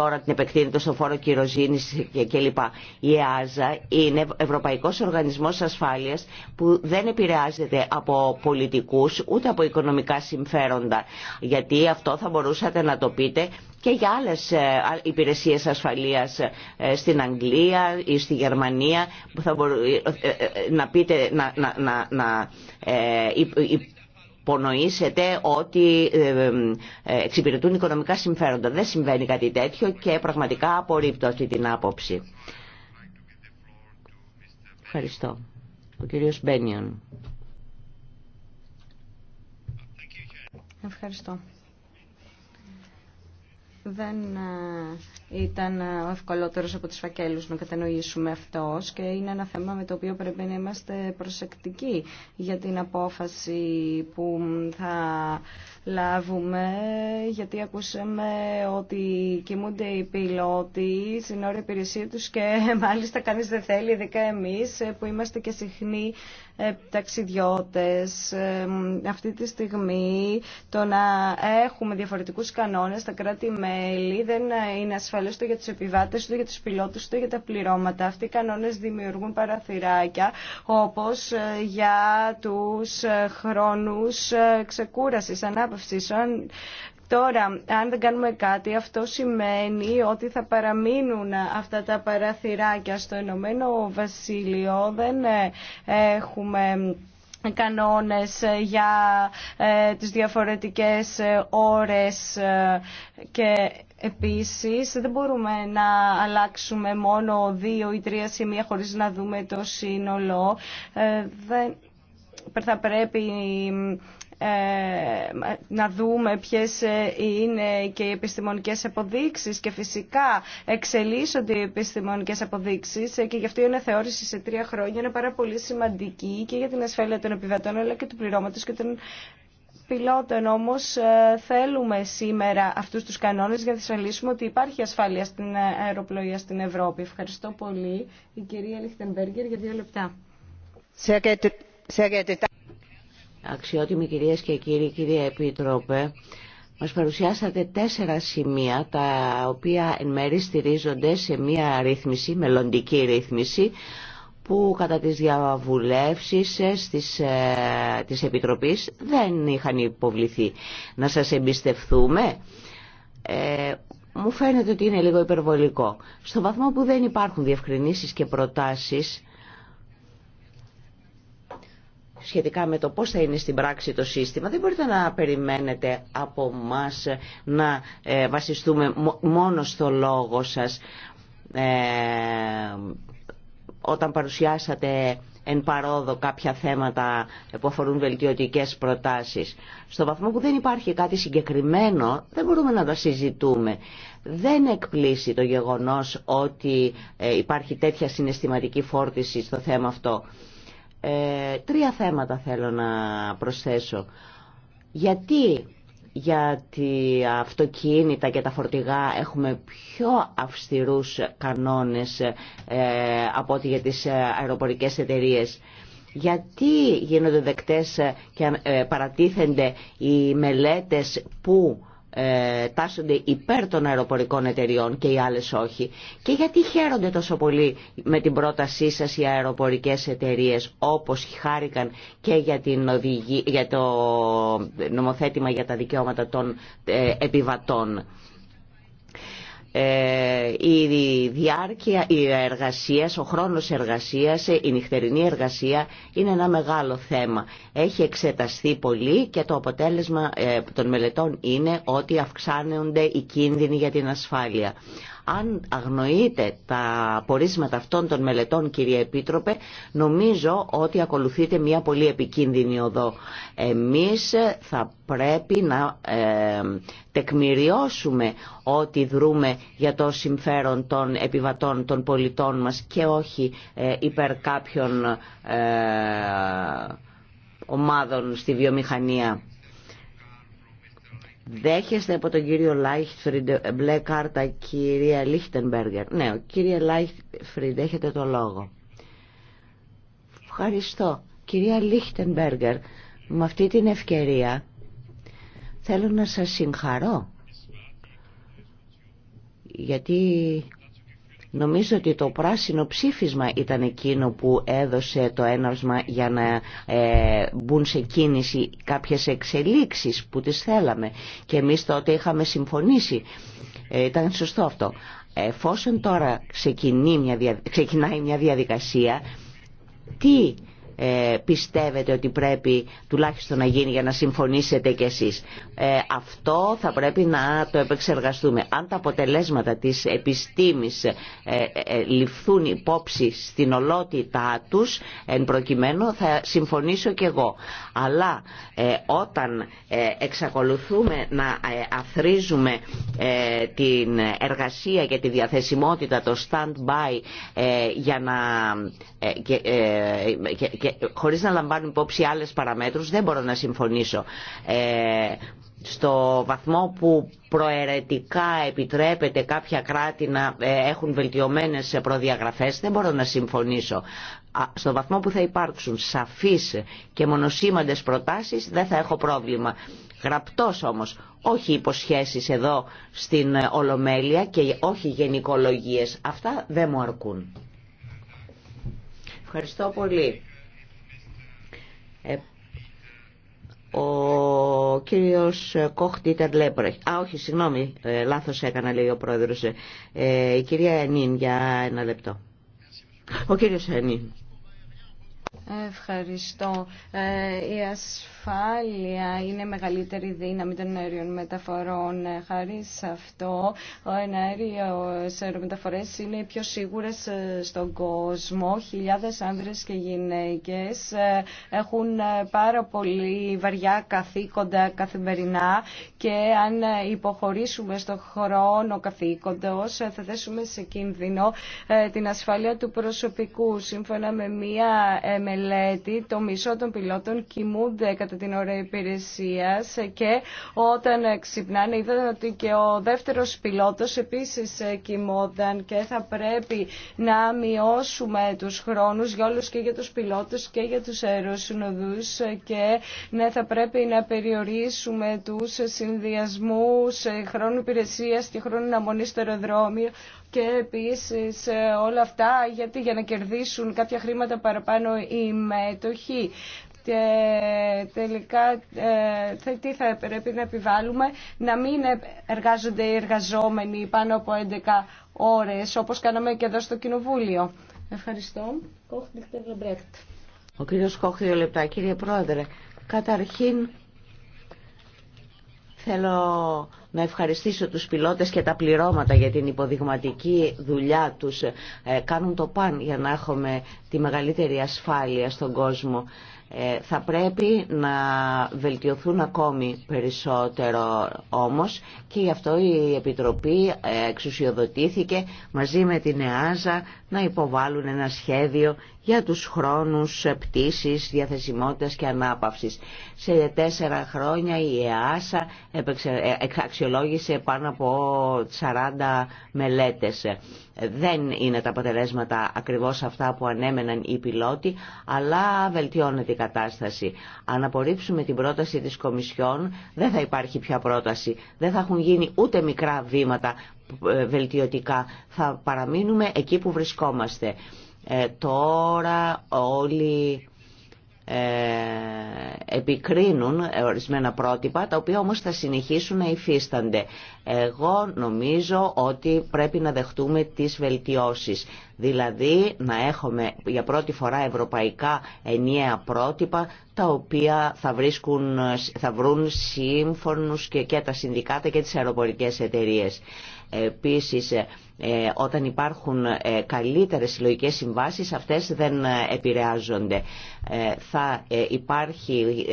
τώρα την επεκτείνεται στον φόρο κυροζήνης κλπ. Η ΕΑΖΑ είναι Ευρωπαϊκός Οργανισμός Ασφάλειας που δεν επηρεάζεται από πολιτικούς ούτε από οικονομικά συμφέροντα. Γιατί αυτό θα μπορούσατε να το πείτε και για άλλες ε, υπηρεσίες ασφαλείας ε, στην Αγγλία ή στη Γερμανία που θα μπορούσατε ε, να πείτε να, να, υπονοήσετε ότι ε, ε, εξυπηρετούν οικονομικά συμφέροντα. Δεν συμβαίνει κάτι τέτοιο και πραγματικά απορρίπτω αυτή την άποψη. Ευχαριστώ. Ο κύριος Μπένιον. Ευχαριστώ. Δεν ε, ήταν ε, ο ευκολότερος από τους φακέλους να κατανοήσουμε αυτός και είναι ένα θέμα με το οποίο πρέπει να είμαστε προσεκτικοί για την απόφαση που θα λάβουμε, γιατί ακούσαμε ότι κοιμούνται οι πιλότοι στην ώρα υπηρεσία τους και μάλιστα κανείς δεν θέλει, ειδικά εμείς που είμαστε και συχνοί ε, ταξιδιώτες. Αυτή τη στιγμή το να έχουμε διαφορετικούς κανόνες στα κράτη-μέλη δεν είναι ασφαλές το για τους επιβάτες, το για τους πιλότους, το για τα πληρώματα. Αυτοί οι κανόνες δημιουργούν παραθυράκια όπως ε, για τους ε, χρόνους ξεκούρασης, ανάπαυσης Τώρα, αν δεν κάνουμε κάτι, αυτό σημαίνει ότι θα παραμείνουν αυτά τα παραθυράκια στο Ενωμένο Βασίλειο. Δεν ε, έχουμε κανόνες για ε, τις διαφορετικές ε, ώρες και Επίσης, δεν μπορούμε να αλλάξουμε μόνο δύο ή τρία σημεία χωρίς να δούμε το σύνολο. δεν, θα πρέπει ε, να δούμε ποιες ε, είναι και οι επιστημονικές αποδείξεις και φυσικά εξελίσσονται οι επιστημονικές αποδείξεις ε, και γι' αυτό η αναθεώρηση σε τρία χρόνια είναι πάρα πολύ σημαντική και για την ασφάλεια των επιβατών αλλά και του πληρώματος και των πιλότων όμως θέλουμε σήμερα αυτούς τους κανόνες για να δυσφαλίσουμε ότι υπάρχει ασφάλεια στην αεροπλοεία στην Ευρώπη. Ευχαριστώ πολύ η κυρία Λιχτενμπέργκερ για δύο λεπτά. Αξιότιμοι κυρίες και κύριοι, κύριε Επίτροπε, μας παρουσιάσατε τέσσερα σημεία τα οποία εν μέρει στηρίζονται σε μία ρύθμιση, μελλοντική ρύθμιση, που κατά τις διαβουλεύσεις της, ε, της δεν είχαν υποβληθεί. Να σας εμπιστευθούμε. Ε, μου φαίνεται ότι είναι λίγο υπερβολικό. Στο βαθμό που δεν υπάρχουν διευκρινήσεις και προτάσεις σχετικά με το πώς θα είναι στην πράξη το σύστημα. Δεν μπορείτε να περιμένετε από μας να ε, βασιστούμε μόνο στο λόγο σας ε, όταν παρουσιάσατε εν παρόδο κάποια θέματα που αφορούν βελτιωτικές προτάσεις. Στο βαθμό που δεν υπάρχει κάτι συγκεκριμένο, δεν μπορούμε να τα συζητούμε. Δεν εκπλήσει το γεγονός ότι ε, υπάρχει τέτοια συναισθηματική φόρτιση στο θέμα αυτό. Ε, τρία θέματα θέλω να προσθέσω. Γιατί για αυτοκίνητα και τα φορτηγά έχουμε πιο αυστηρούς κανόνες ε, από ό,τι για τις ε, αεροπορικές εταιρείες. Γιατί γίνονται δεκτές ε, και παρατίθενται οι μελέτες που ε, τάσσονται υπέρ των αεροπορικών εταιριών και οι άλλες όχι. Και γιατί χαίρονται τόσο πολύ με την πρότασή σας οι αεροπορικές εταιρείες όπως χάρηκαν και για, την για το νομοθέτημα για τα δικαιώματα των ε, επιβατών. Ε, η διάρκεια η εργασίας, ο χρόνος εργασίας, ε, η νυχτερινή εργασία είναι ένα μεγάλο θέμα. Έχει εξεταστεί πολύ και το αποτέλεσμα ε, των μελετών είναι ότι αυξάνονται οι κίνδυνοι για την ασφάλεια αν αγνοείτε τα πορίσματα αυτών των μελετών, κύριε Επίτροπε, νομίζω ότι ακολουθείτε μια πολύ επικίνδυνη οδό. Εμείς θα πρέπει να ε, τεκμηριώσουμε ότι δρούμε για το συμφέρον των επιβατών, των πολιτών μας και όχι ε, υπέρ κάποιων ε, ομάδων στη βιομηχανία. Δέχεστε από τον κύριο Λάιχτφριντ μπλε κάρτα κυρία Λίχτενμπέργκερ. Ναι, ο κύριε Λάιχτφριντ έχετε το λόγο. Ευχαριστώ. Κυρία Λίχτενμπέργκερ, με αυτή την ευκαιρία θέλω να σας συγχαρώ γιατί Νομίζω ότι το πράσινο ψήφισμα ήταν εκείνο που έδωσε το έναυσμα για να ε, μπουν σε κίνηση κάποιες εξελίξεις που τις θέλαμε και εμείς τότε είχαμε συμφωνήσει. Ε, ήταν σωστό αυτό. Εφόσον τώρα ξεκινάει μια διαδικασία, τι ε, πιστεύετε ότι πρέπει τουλάχιστον να γίνει για να συμφωνήσετε κι εσείς. Ε, αυτό θα πρέπει να το επεξεργαστούμε. Αν τα αποτελέσματα της επιστήμης ε, ληφθούν υπόψη στην ολότητά τους, εν προκειμένου θα συμφωνήσω κι εγώ. Αλλά όταν εξακολουθούμε να αθρίζουμε την εργασία και τη διαθεσιμότητα, το stand-by για να και χωρίς να λαμβάνουν υπόψη άλλες παραμέτρους δεν μπορώ να συμφωνήσω. Ε, στο βαθμό που προαιρετικά επιτρέπεται κάποια κράτη να ε, έχουν βελτιωμένες προδιαγραφές δεν μπορώ να συμφωνήσω. Στο βαθμό που θα υπάρξουν σαφείς και μονοσήμαντες προτάσεις δεν θα έχω πρόβλημα. Γραπτός όμως, όχι υποσχέσεις εδώ στην Ολομέλεια και όχι γενικολογίες. Αυτά δεν μου αρκούν. Ευχαριστώ πολύ. Ε, ο κύριος Κόχ Τίτερ Λέμπρεχτ. Α, όχι, συγγνώμη, ε, λάθος έκανα, λέει ο πρόεδρος. Ε, η κυρία Ενίν, για ένα λεπτό. Ο κύριος Ενίν. Ευχαριστώ. Ε, η ασφάλεια είναι μεγαλύτερη δύναμη των αέριων μεταφορών. Ε, χάρη σε αυτό, ο αέριο μεταφορέ είναι οι πιο σίγουρε ε, στον κόσμο. Χιλιάδε άνδρε και γυναίκε έχουν πάρα πολύ βαριά καθήκοντα καθημερινά και αν υποχωρήσουμε στον χρόνο καθήκοντο, θα θέσουμε σε κίνδυνο την ασφάλεια του προσωπικού. Σύμφωνα με μία μελέτη το μισό των πιλότων κοιμούνται κατά την ώρα υπηρεσία και όταν ξυπνάνε είδαν ότι και ο δεύτερος πιλότος επίσης κοιμόταν και θα πρέπει να μειώσουμε τους χρόνους για όλου και για τους πιλότους και για τους αεροσυνοδούς και ναι θα πρέπει να περιορίσουμε τους συνδυασμούς χρόνου υπηρεσία και χρόνου αναμονή στο αεροδρόμιο και επίσης ε, όλα αυτά γιατί για να κερδίσουν κάποια χρήματα παραπάνω οι μέτοχοι και τελικά ε, τι θα πρέπει να επιβάλλουμε να μην ε, εργάζονται οι εργαζόμενοι πάνω από 11 ώρες όπως κάναμε και εδώ στο Κοινοβούλιο. Ευχαριστώ. Ο κύριος Κόχ, δύο λεπτά. Κύριε Πρόεδρε, καταρχήν Θέλω να ευχαριστήσω τους πιλότες και τα πληρώματα για την υποδειγματική δουλειά τους. Ε, κάνουν το παν για να έχουμε τη μεγαλύτερη ασφάλεια στον κόσμο. Ε, θα πρέπει να βελτιωθούν ακόμη περισσότερο όμως και γι' αυτό η Επιτροπή ε, εξουσιοδοτήθηκε μαζί με την ΕΑΖΑ να υποβάλουν ένα σχέδιο για τους χρόνους πτήσης, διαθεσιμότητας και ανάπαυσης. Σε τέσσερα χρόνια η ΕΑΣΑ ε, αξιολόγησε πάνω από 40 μελέτες. Δεν είναι τα αποτελέσματα ακριβώς αυτά που ανέμεναν οι πιλότοι, αλλά βελτιώνεται η κατάσταση. Αν απορρίψουμε την πρόταση της Κομισιόν, δεν θα υπάρχει πια πρόταση. Δεν θα έχουν γίνει ούτε μικρά βήματα ε, βελτιωτικά. Θα παραμείνουμε εκεί που βρισκόμαστε. Ε, τώρα όλοι ε, επικρίνουν ορισμένα πρότυπα τα οποία όμως θα συνεχίσουν να υφίστανται. Εγώ νομίζω ότι πρέπει να δεχτούμε τις βελτιώσεις. Δηλαδή να έχουμε για πρώτη φορά ευρωπαϊκά ενιαία πρότυπα τα οποία θα, βρίσκουν, θα βρουν σύμφωνους και, και τα συνδικάτα και τις αεροπορικές εταιρείες. Επίσης, ε, ε, όταν υπάρχουν ε, καλύτερες συλλογικές συμβάσεις, αυτές δεν επηρεάζονται. Θα υπάρχει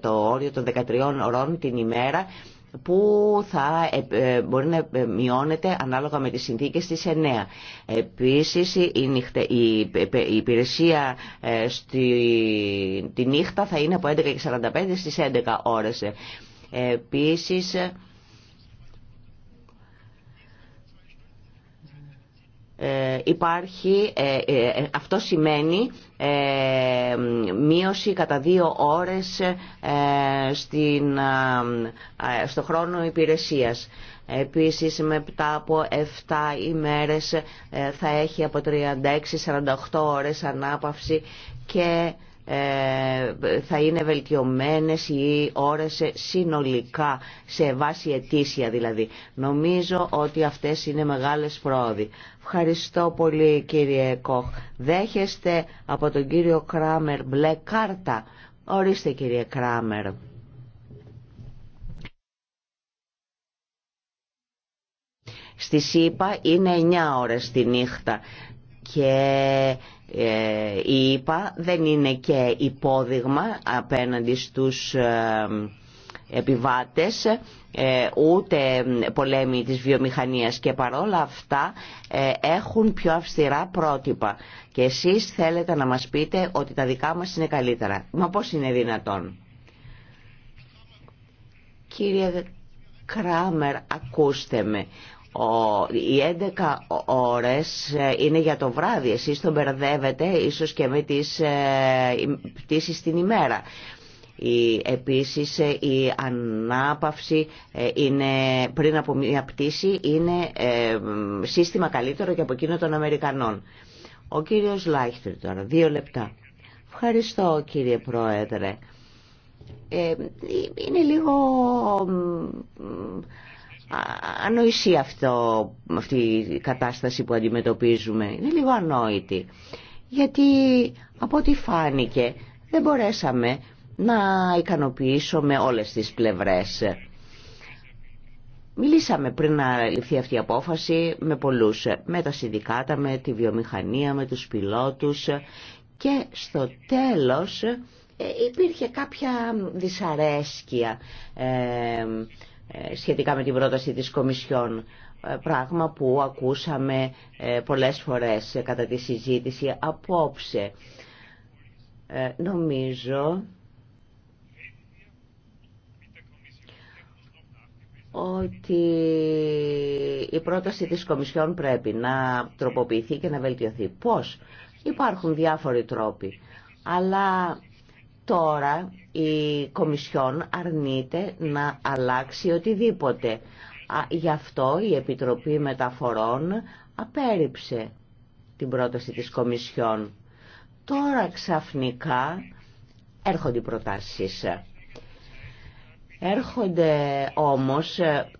το όριο των 13 ώρων την ημέρα που θα μπορεί να μειώνεται ανάλογα με τις συνθήκες της 9. Επίσης η, υπηρεσία στη, τη νύχτα θα είναι από 11.45 στις 11 ώρες. Επίσης Ε, υπάρχει, ε, ε, αυτό σημαίνει μείωση κατά δύο ώρες στην, στο χρόνο υπηρεσίας. Επίσης μετά από 7 ημέρες θα έχει από 36-48 ώρες ανάπαυση και ε, θα είναι βελτιωμένες οι ώρες συνολικά, σε βάση ετήσια δηλαδή. Νομίζω ότι αυτές είναι μεγάλες πρόοδοι. Ευχαριστώ πολύ κύριε Κοχ. Δέχεστε από τον κύριο Κράμερ μπλε κάρτα. Ορίστε κύριε Κράμερ. Στη ΣΥΠΑ είναι 9 ώρες τη νύχτα και ε, η ΕΠΑ δεν είναι και υπόδειγμα απέναντι στους ε, επιβάτες ε, ούτε πολέμη της βιομηχανίας και παρόλα αυτά έχουν πιο αυστηρά πρότυπα και εσείς θέλετε να μας πείτε ότι τα δικά μας είναι καλύτερα μα πως είναι δυνατόν κύριε Κράμερ ακούστε με οι 11 ώρες ε, είναι για το βράδυ. Εσείς τον μπερδεύετε ίσως και με τις ε, πτήσεις την ημέρα. Η, επίσης ε, η ανάπαυση είναι, πριν από μια πτήση είναι σύστημα καλύτερο και από εκείνο των Αμερικανών. Ο κύριος Λάχτρη τώρα, δύο λεπτά. Ευχαριστώ κύριε Πρόεδρε. είναι λίγο ανοησία αυτό, αυτή η κατάσταση που αντιμετωπίζουμε. Είναι λίγο ανόητη. Γιατί από ό,τι φάνηκε δεν μπορέσαμε να ικανοποιήσουμε όλες τις πλευρές. Μιλήσαμε πριν να ληφθεί αυτή η απόφαση με πολλούς, με τα συνδικάτα, με τη βιομηχανία, με τους πιλότους και στο τέλος ε, υπήρχε κάποια δυσαρέσκεια. Ε, ε, σχετικά με την πρόταση της Κομισιόν ε, πράγμα που ακούσαμε ε, πολλές φορές κατά τη συζήτηση απόψε. Νομίζω ότι η πρόταση της Κομισιόν πρέπει να τροποποιηθεί και να βελτιωθεί. Πώς? Υπάρχουν διάφοροι τρόποι. Αλλά τώρα η Κομισιόν αρνείται να αλλάξει οτιδήποτε. Γι' αυτό η Επιτροπή Μεταφορών απέρριψε την πρόταση της Κομισιόν. Τώρα ξαφνικά έρχονται οι προτάσεις. Έρχονται όμως ε,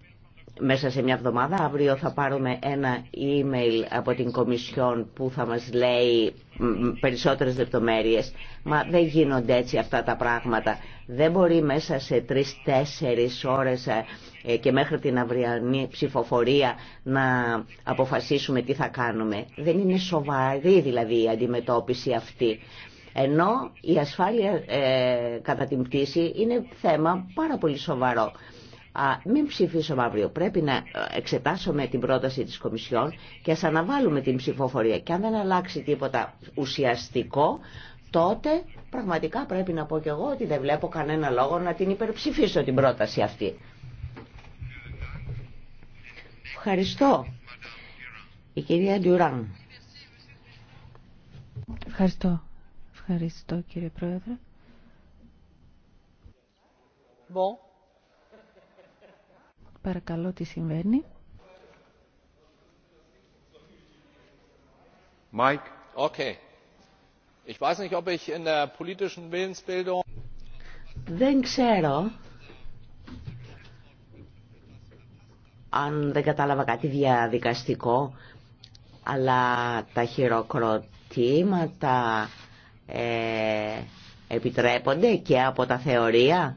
μέσα σε μια εβδομάδα, αύριο θα πάρουμε ένα email από την Κομισιόν που θα μας λέει περισσότερες λεπτομέρειες. Μα δεν γίνονται έτσι αυτά τα πράγματα. Δεν μπορεί μέσα σε τρεις-τέσσερις ώρες ε, ε, και μέχρι την αυριανή ψηφοφορία να αποφασίσουμε τι θα κάνουμε. Δεν είναι σοβαρή δηλαδή η αντιμετώπιση αυτή. Ενώ η ασφάλεια ε, κατά την πτήση είναι θέμα πάρα πολύ σοβαρό. Α, μην ψηφίσουμε αύριο. Πρέπει να ε, εξετάσουμε την πρόταση της Κομισιόν και ας αναβάλουμε την ψηφοφορία. Και αν δεν αλλάξει τίποτα ουσιαστικό, τότε πραγματικά πρέπει να πω και εγώ ότι δεν βλέπω κανένα λόγο να την υπερψηφίσω την πρόταση αυτή. Ευχαριστώ. Η κυρία Ντουράν. Ευχαριστώ. Ευχαριστώ κύριε Πρόεδρε. Bon. Παρακαλώ τι συμβαίνει. Ich weiß nicht, ob ich in politischen Δεν ξέρω αν δεν κατάλαβα κάτι διαδικαστικό, αλλά τα χειροκροτήματα ε, επιτρέπονται και από τα θεωρία.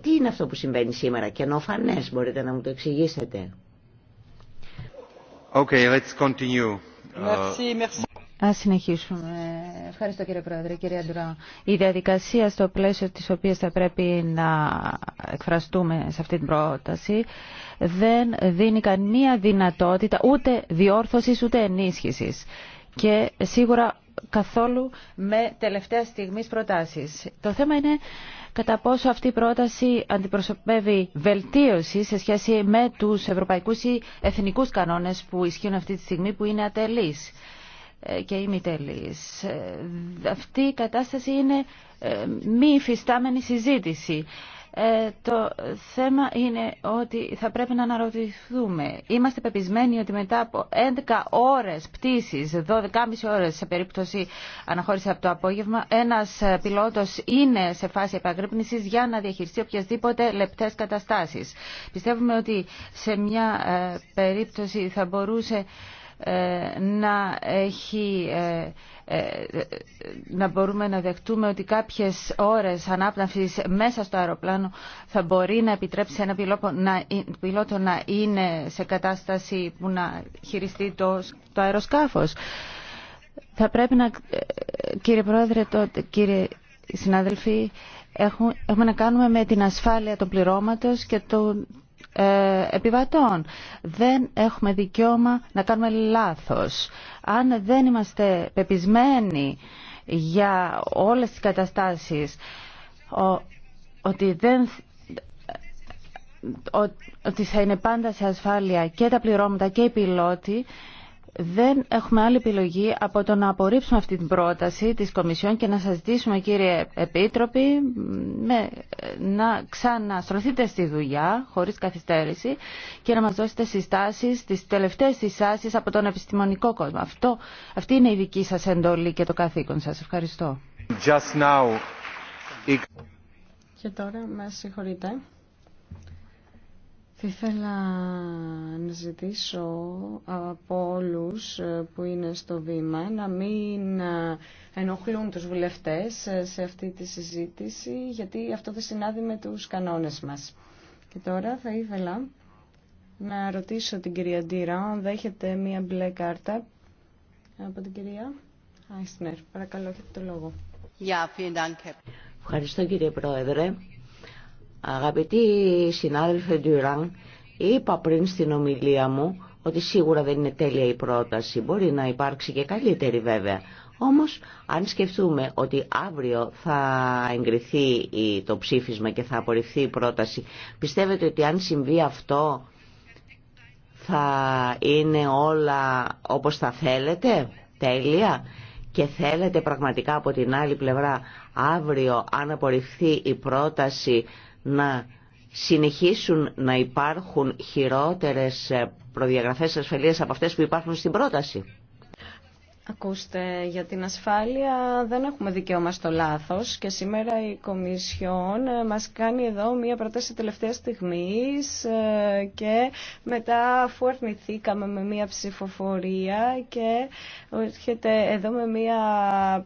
Τι είναι αυτό που συμβαίνει σήμερα, και οφανές μπορείτε να μου το εξηγήσετε. Okay, let's continue. Merci, uh, merci. Ας συνεχίσουμε. Ευχαριστώ κύριε Πρόεδρε, κύριε Αντουρά. Η διαδικασία στο πλαίσιο της οποίας θα πρέπει να εκφραστούμε σε αυτή την πρόταση δεν δίνει καμία δυνατότητα ούτε διόρθωσης ούτε ενίσχυσης. Και σίγουρα καθόλου με τελευταία στιγμή προτάσεις. Το θέμα είναι κατά πόσο αυτή η πρόταση αντιπροσωπεύει βελτίωση σε σχέση με τους ευρωπαϊκούς ή εθνικούς κανόνες που ισχύουν αυτή τη στιγμή που είναι ατελείς ε, και ημιτελής. Ε, αυτή η κατάσταση ειναι ατελεις και ημιτελεις αυτη η κατασταση ειναι μη υφιστάμενη συζήτηση. Ε, το θέμα είναι ότι θα πρέπει να αναρωτηθούμε. Είμαστε πεπισμένοι ότι μετά από 11 ώρες πτήσης, 12,5 ώρες σε περίπτωση αναχώρηση από το απόγευμα, ένας ε, πιλότος είναι σε φάση επαγρύπνησης για να διαχειριστεί οποιασδήποτε λεπτές καταστάσεις. Πιστεύουμε ότι σε μια ε, περίπτωση θα μπορούσε ε, να έχει ε, ε, να μπορούμε να δεχτούμε ότι κάποιες ώρες ανάπναυσης μέσα στο αεροπλάνο θα μπορεί να επιτρέψει ένα πιλότο να, είναι σε κατάσταση που να χειριστεί το, το αεροσκάφος. Θα πρέπει να, κύριε Πρόεδρε, το, κύριε συνάδελφοι, έχουμε, να κάνουμε με την ασφάλεια των πληρώματος και το, ε, επιβατών. Δεν έχουμε δικαίωμα να κάνουμε λάθος. Αν δεν είμαστε πεπισμένοι για όλες τις καταστάσεις ότι δεν ότι θα είναι πάντα σε ασφάλεια και τα πληρώματα και οι πιλότοι δεν έχουμε άλλη επιλογή από το να απορρίψουμε αυτή την πρόταση της Κομισιόν και να σας ζητήσουμε κύριε Επίτροπη με, να ξαναστρωθείτε στη δουλειά χωρίς καθυστέρηση και να μας δώσετε συστάσεις, τις τελευταίες συστάσεις από τον επιστημονικό κόσμο. Αυτό, αυτή είναι η δική σας εντολή και το καθήκον σας. Ευχαριστώ. Just now... Και τώρα με συγχωρείτε ήθελα να ζητήσω από όλους που είναι στο βήμα να μην ενοχλούν τους βουλευτές σε αυτή τη συζήτηση γιατί αυτό δεν συνάδει με τους κανόνες μας. Και τώρα θα ήθελα να ρωτήσω την κυρία Ντύρα αν δέχεται μία μπλε κάρτα από την κυρία Άισνερ. Παρακαλώ, έχετε το λόγο. Ευχαριστώ κύριε Πρόεδρε. Αγαπητοί συνάδελφοι Ντουράν, είπα πριν στην ομιλία μου ότι σίγουρα δεν είναι τέλεια η πρόταση. Μπορεί να υπάρξει και καλύτερη βέβαια. Όμως, αν σκεφτούμε ότι αύριο θα εγκριθεί το ψήφισμα και θα απορριφθεί η πρόταση, πιστεύετε ότι αν συμβεί αυτό θα είναι όλα όπως θα θέλετε, τέλεια, και θέλετε πραγματικά από την άλλη πλευρά αύριο αν απορριφθεί η πρόταση να συνεχίσουν να υπάρχουν χειρότερες προδιαγραφές ασφαλείας από αυτές που υπάρχουν στην πρόταση. Ακούστε, για την ασφάλεια δεν έχουμε δικαίωμα στο λάθος και σήμερα η Κομισιόν ε, μας κάνει εδώ μία πρόταση τελευταία στιγμής ε, και μετά αφού αρνηθήκαμε με μία ψηφοφορία και έρχεται εδώ με μία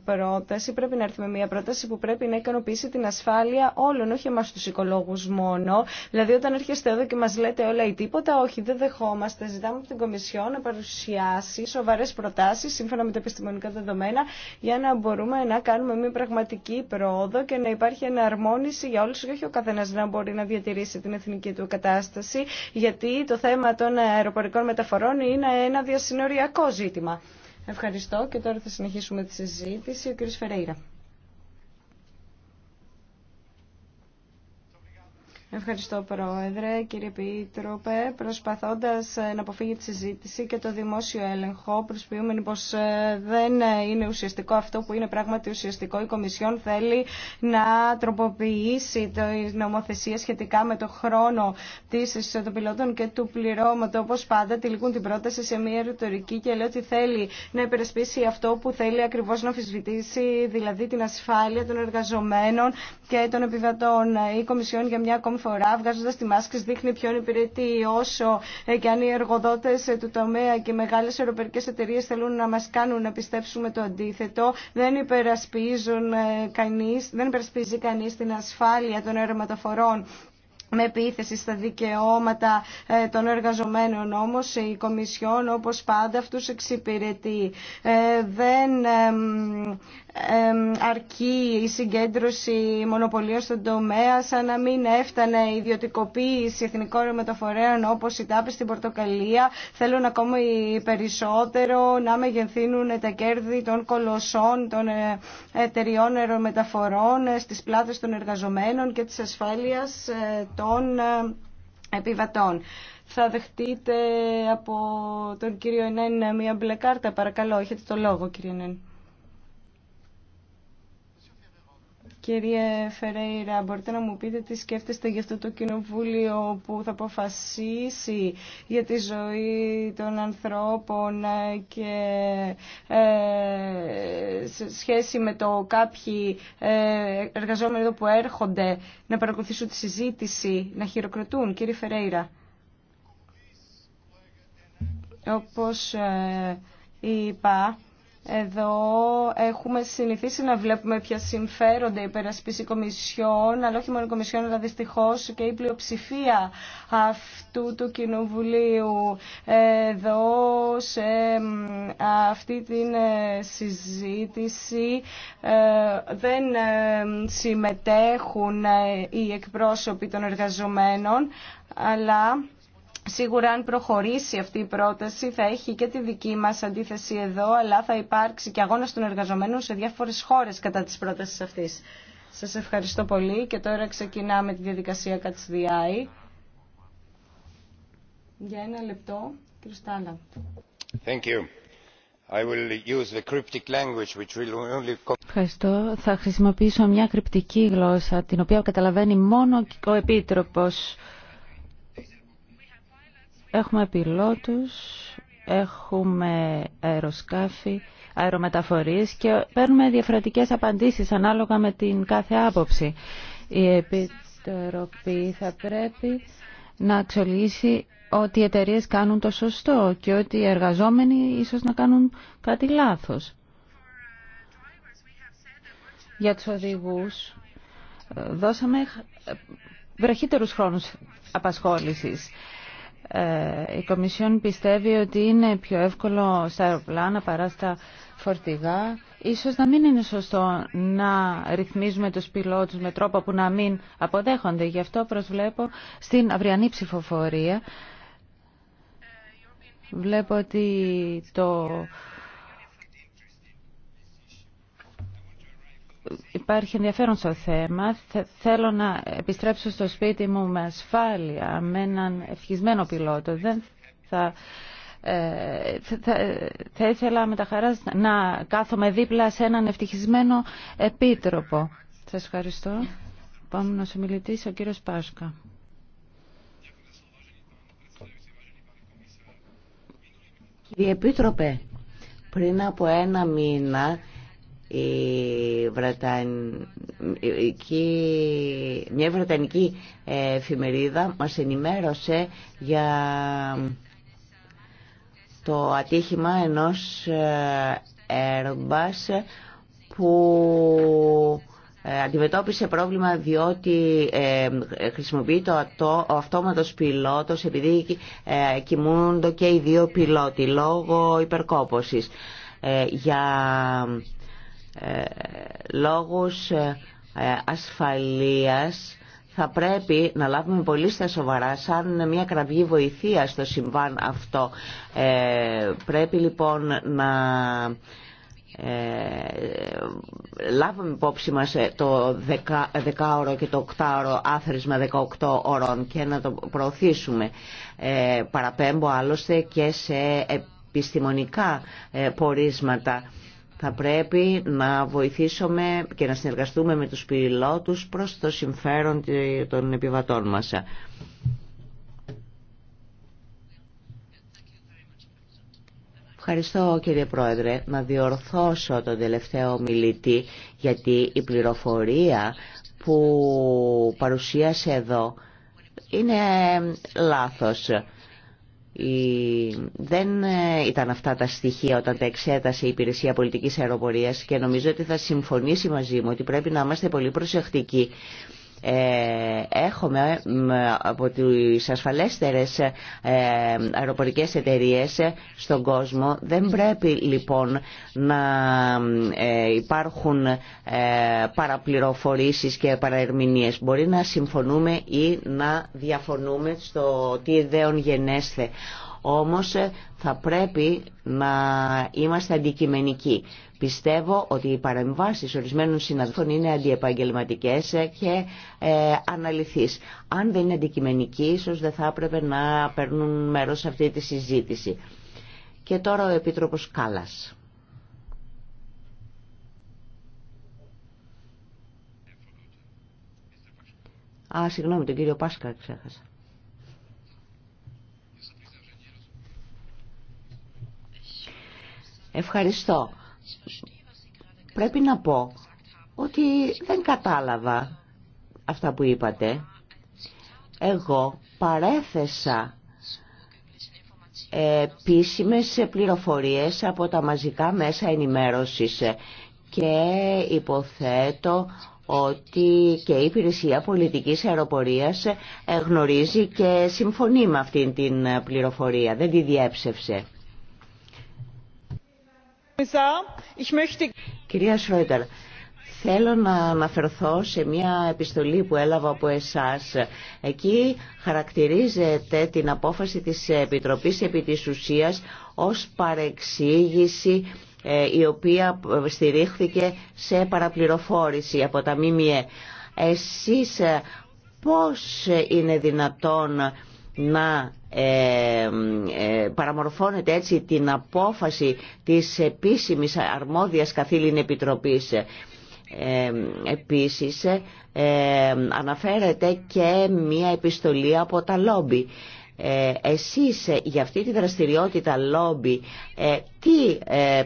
πρόταση, πρέπει να έρθει με μία πρόταση που πρέπει να ικανοποιήσει την ασφάλεια όλων, όχι εμάς τους οικολόγους μόνο. Δηλαδή όταν έρχεστε εδώ και μας λέτε όλα ή τίποτα, όχι δεν δεχόμαστε, ζητάμε από την Κομισιόν να παρουσιάσει σοβαρές προτάσεις σύμφωνα με τα επιστημονικά δεδομένα για να μπορούμε να κάνουμε μια πραγματική πρόοδο και να υπάρχει εναρμόνιση για όλους και όχι ο καθένας να μπορεί να διατηρήσει την εθνική του κατάσταση γιατί το θέμα των αεροπορικών μεταφορών είναι ένα διασυνοριακό ζήτημα. Ευχαριστώ και τώρα θα συνεχίσουμε τη συζήτηση. Ο κ. Φερέιρα. Ευχαριστώ Πρόεδρε, κύριε Πίτροπε. Προσπαθώντας ε, να αποφύγει τη συζήτηση και το δημόσιο έλεγχο, προσποιούμενοι πως ε, δεν ε, είναι ουσιαστικό αυτό που είναι πράγματι ουσιαστικό. Η Κομισιόν θέλει να τροποποιήσει τη νομοθεσία σχετικά με το χρόνο της ισοτοπιλότων και του πληρώματο. Όπως πάντα τυλικούν την πρόταση σε μια ρητορική και λέει ότι θέλει να υπερασπίσει αυτό που θέλει ακριβώς να αμφισβητήσει, δηλαδή την ασφάλεια των εργαζομένων και των επιβατών. Η Κομισιόν για μια ακόμη φορά βγάζοντα τη μάσκα δείχνει ποιον υπηρετεί όσο ε, και αν οι εργοδότε ε, του τομέα και μεγάλε μεγάλες εταιρείε θέλουν να μα κάνουν να πιστέψουμε το αντίθετο. Δεν υπερασπίζουν ε, κανείς, δεν υπερασπίζει κανεί την ασφάλεια των ερωματοφορών με επίθεση στα δικαιώματα των εργαζομένων όμως η Κομισιόν όπως πάντα αυτούς εξυπηρετεί. δεν αρκεί η συγκέντρωση μονοπωλίων στον τομέα σαν να μην έφτανε η ιδιωτικοποίηση εθνικών μεταφορέων όπως η ΤΑΠΕ στην Πορτοκαλία θέλουν ακόμα περισσότερο να μεγενθύνουν τα κέρδη των κολοσσών των ε, εταιριών αερομεταφορών ε, στις πλάτες των εργαζομένων και της ασφάλειας ε, των επιβατών. Θα δεχτείτε από τον κύριο Ενέν μια μπλε κάρτα, παρακαλώ, έχετε το λόγο κύριε Ενέν. Κύριε Φερέιρα, μπορείτε να μου πείτε τι σκέφτεστε για αυτό το κοινοβούλιο που θα αποφασίσει για τη ζωή των ανθρώπων και ε, σε σχέση με το κάποιοι ε, εργαζόμενοι εδώ που έρχονται να παρακολουθήσουν τη συζήτηση, να χειροκροτούν. Κύριε Φερέιρα, όπως ε, είπα... Εδώ έχουμε συνηθίσει να βλέπουμε ποια συμφέρονται περασπίση κομισιών, αλλά όχι μόνο κομισιών, αλλά δυστυχώ και η πλειοψηφία αυτού του κοινοβουλίου. Εδώ σε αυτή την ε, συζήτηση ε, δεν ε, συμμετέχουν οι εκπρόσωποι των εργαζομένων, αλλά Σίγουρα αν προχωρήσει αυτή η πρόταση θα έχει και τη δική μας αντίθεση εδώ, αλλά θα υπάρξει και αγώνας των εργαζομένων σε διάφορες χώρες κατά της πρότασης αυτής. Σας ευχαριστώ πολύ και τώρα ξεκινάμε τη διαδικασία ΚΑΤΣΔΙΑΗ. Για ένα λεπτό, κύριο Thank you. I will use the cryptic language which will only... Ευχαριστώ. Θα χρησιμοποιήσω μια κρυπτική γλώσσα την οποία καταλαβαίνει μόνο ο Επίτροπος. Έχουμε πιλότους, έχουμε αεροσκάφη, αερομεταφορείς και παίρνουμε διαφορετικές απαντήσεις ανάλογα με την κάθε άποψη. Η Επιτροπή θα πρέπει να αξιολογήσει ότι οι εταιρείες κάνουν το σωστό και ότι οι εργαζόμενοι ίσως να κάνουν κάτι λάθος. Για τους οδηγούς δώσαμε βραχύτερους χρόνους απασχόλησης. Ε, η Κομισιόν πιστεύει ότι είναι πιο εύκολο στα αεροπλάνα παρά στα φορτηγά. Ίσως να μην είναι σωστό να ρυθμίζουμε τους πιλότους με τρόπο που να μην αποδέχονται. Γι' αυτό προσβλέπω στην αυριανή ψηφοφορία. Βλέπω ότι το υπάρχει ενδιαφέρον στο θέμα. Θέλω να επιστρέψω στο σπίτι μου με ασφάλεια, με έναν ευχισμένο πιλότο. Δεν θα ε, θα ήθελα με τα χαρά να κάθομαι δίπλα σε έναν ευτυχισμένο επίτροπο. Σας ευχαριστώ. Πάμε να ομιλητή ο κύριος Πάσκα. Κύριε Επίτροπε, πριν από ένα μήνα η μια Βρετανική εφημερίδα μας ενημέρωσε για το ατύχημα ενός ε, Airbus που ε, αντιμετώπισε πρόβλημα διότι ε, χρησιμοποιεί το ο αυτόματος πιλότος επειδή κοιμούνται και οι δύο πιλότοι λόγω υπερκόπωσης. Για ε, λόγους ε, ε, ασφαλείας θα πρέπει να λάβουμε πολύ στα σοβαρά σαν μια κραυγή βοηθεία στο συμβάν αυτό. Ε, πρέπει λοιπόν να ε, λάβουμε υπόψη μας το 10 δεκάωρο και το οκτάωρο άθροισμα 18 ώρων και να το προωθήσουμε. Ε, παραπέμπω άλλωστε και σε επιστημονικά πορίσματα θα πρέπει να βοηθήσουμε και να συνεργαστούμε με τους πιλότους προς το συμφέρον των επιβατών μας. Ευχαριστώ κύριε Πρόεδρε να διορθώσω τον τελευταίο μιλητή γιατί η πληροφορία που παρουσίασε εδώ είναι λάθος. Δεν ε, ήταν αυτά τα στοιχεία όταν τα εξέτασε η Υπηρεσία Πολιτικής Αεροπορίας και νομίζω ότι θα συμφωνήσει μαζί μου ότι πρέπει να είμαστε πολύ προσεκτικοί ε, έχουμε από τις ασφαλέστερες ε, αεροπορικές εταιρείες στον κόσμο. Δεν πρέπει λοιπόν να ε, υπάρχουν παραπληροφορήσεις και παραερμηνίες. Μπορεί να συμφωνούμε ή να διαφωνούμε στο τι ιδέων γενέσθε. Όμως ε, θα πρέπει να είμαστε αντικειμενικοί. Πιστεύω ότι οι παρεμβάσεις ορισμένων συναδέλφων είναι αντιεπαγγελματικές ε, και ε, Αν δεν είναι αντικειμενικοί, ίσως δεν θα έπρεπε να παίρνουν μέρος σε αυτή τη συζήτηση. Και τώρα ο Επίτροπος Κάλλας. Α, συγγνώμη, τον κύριο Πάσκα ξέχασα. Ευχαριστώ. Πρέπει να πω ότι δεν κατάλαβα αυτά που είπατε. Εγώ παρέθεσα επίσημε πληροφορίες από τα μαζικά μέσα ενημέρωσης και υποθέτω ότι και η Υπηρεσία Πολιτικής Αεροπορίας γνωρίζει και συμφωνεί με αυτήν την πληροφορία, δεν τη διέψευσε. Κυρία Σρόιντερ, θέλω να αναφερθώ σε μια επιστολή που έλαβα από εσάς. Εκεί χαρακτηρίζεται την απόφαση της Επιτροπής επί της ουσίας ως παρεξήγηση ε, η οποία στηρίχθηκε σε παραπληροφόρηση από τα ΜΜΕ. Εσείς ε, πώς είναι δυνατόν να ε, ε, παραμορφώνεται έτσι την απόφαση της επίσημης αρμόδιας καθήλυν επιτροπής. Ε, επίσης ε, αναφέρεται και μία επιστολή από τα λόμπι. Ε, εσείς για αυτή τη δραστηριότητα λόμπι τι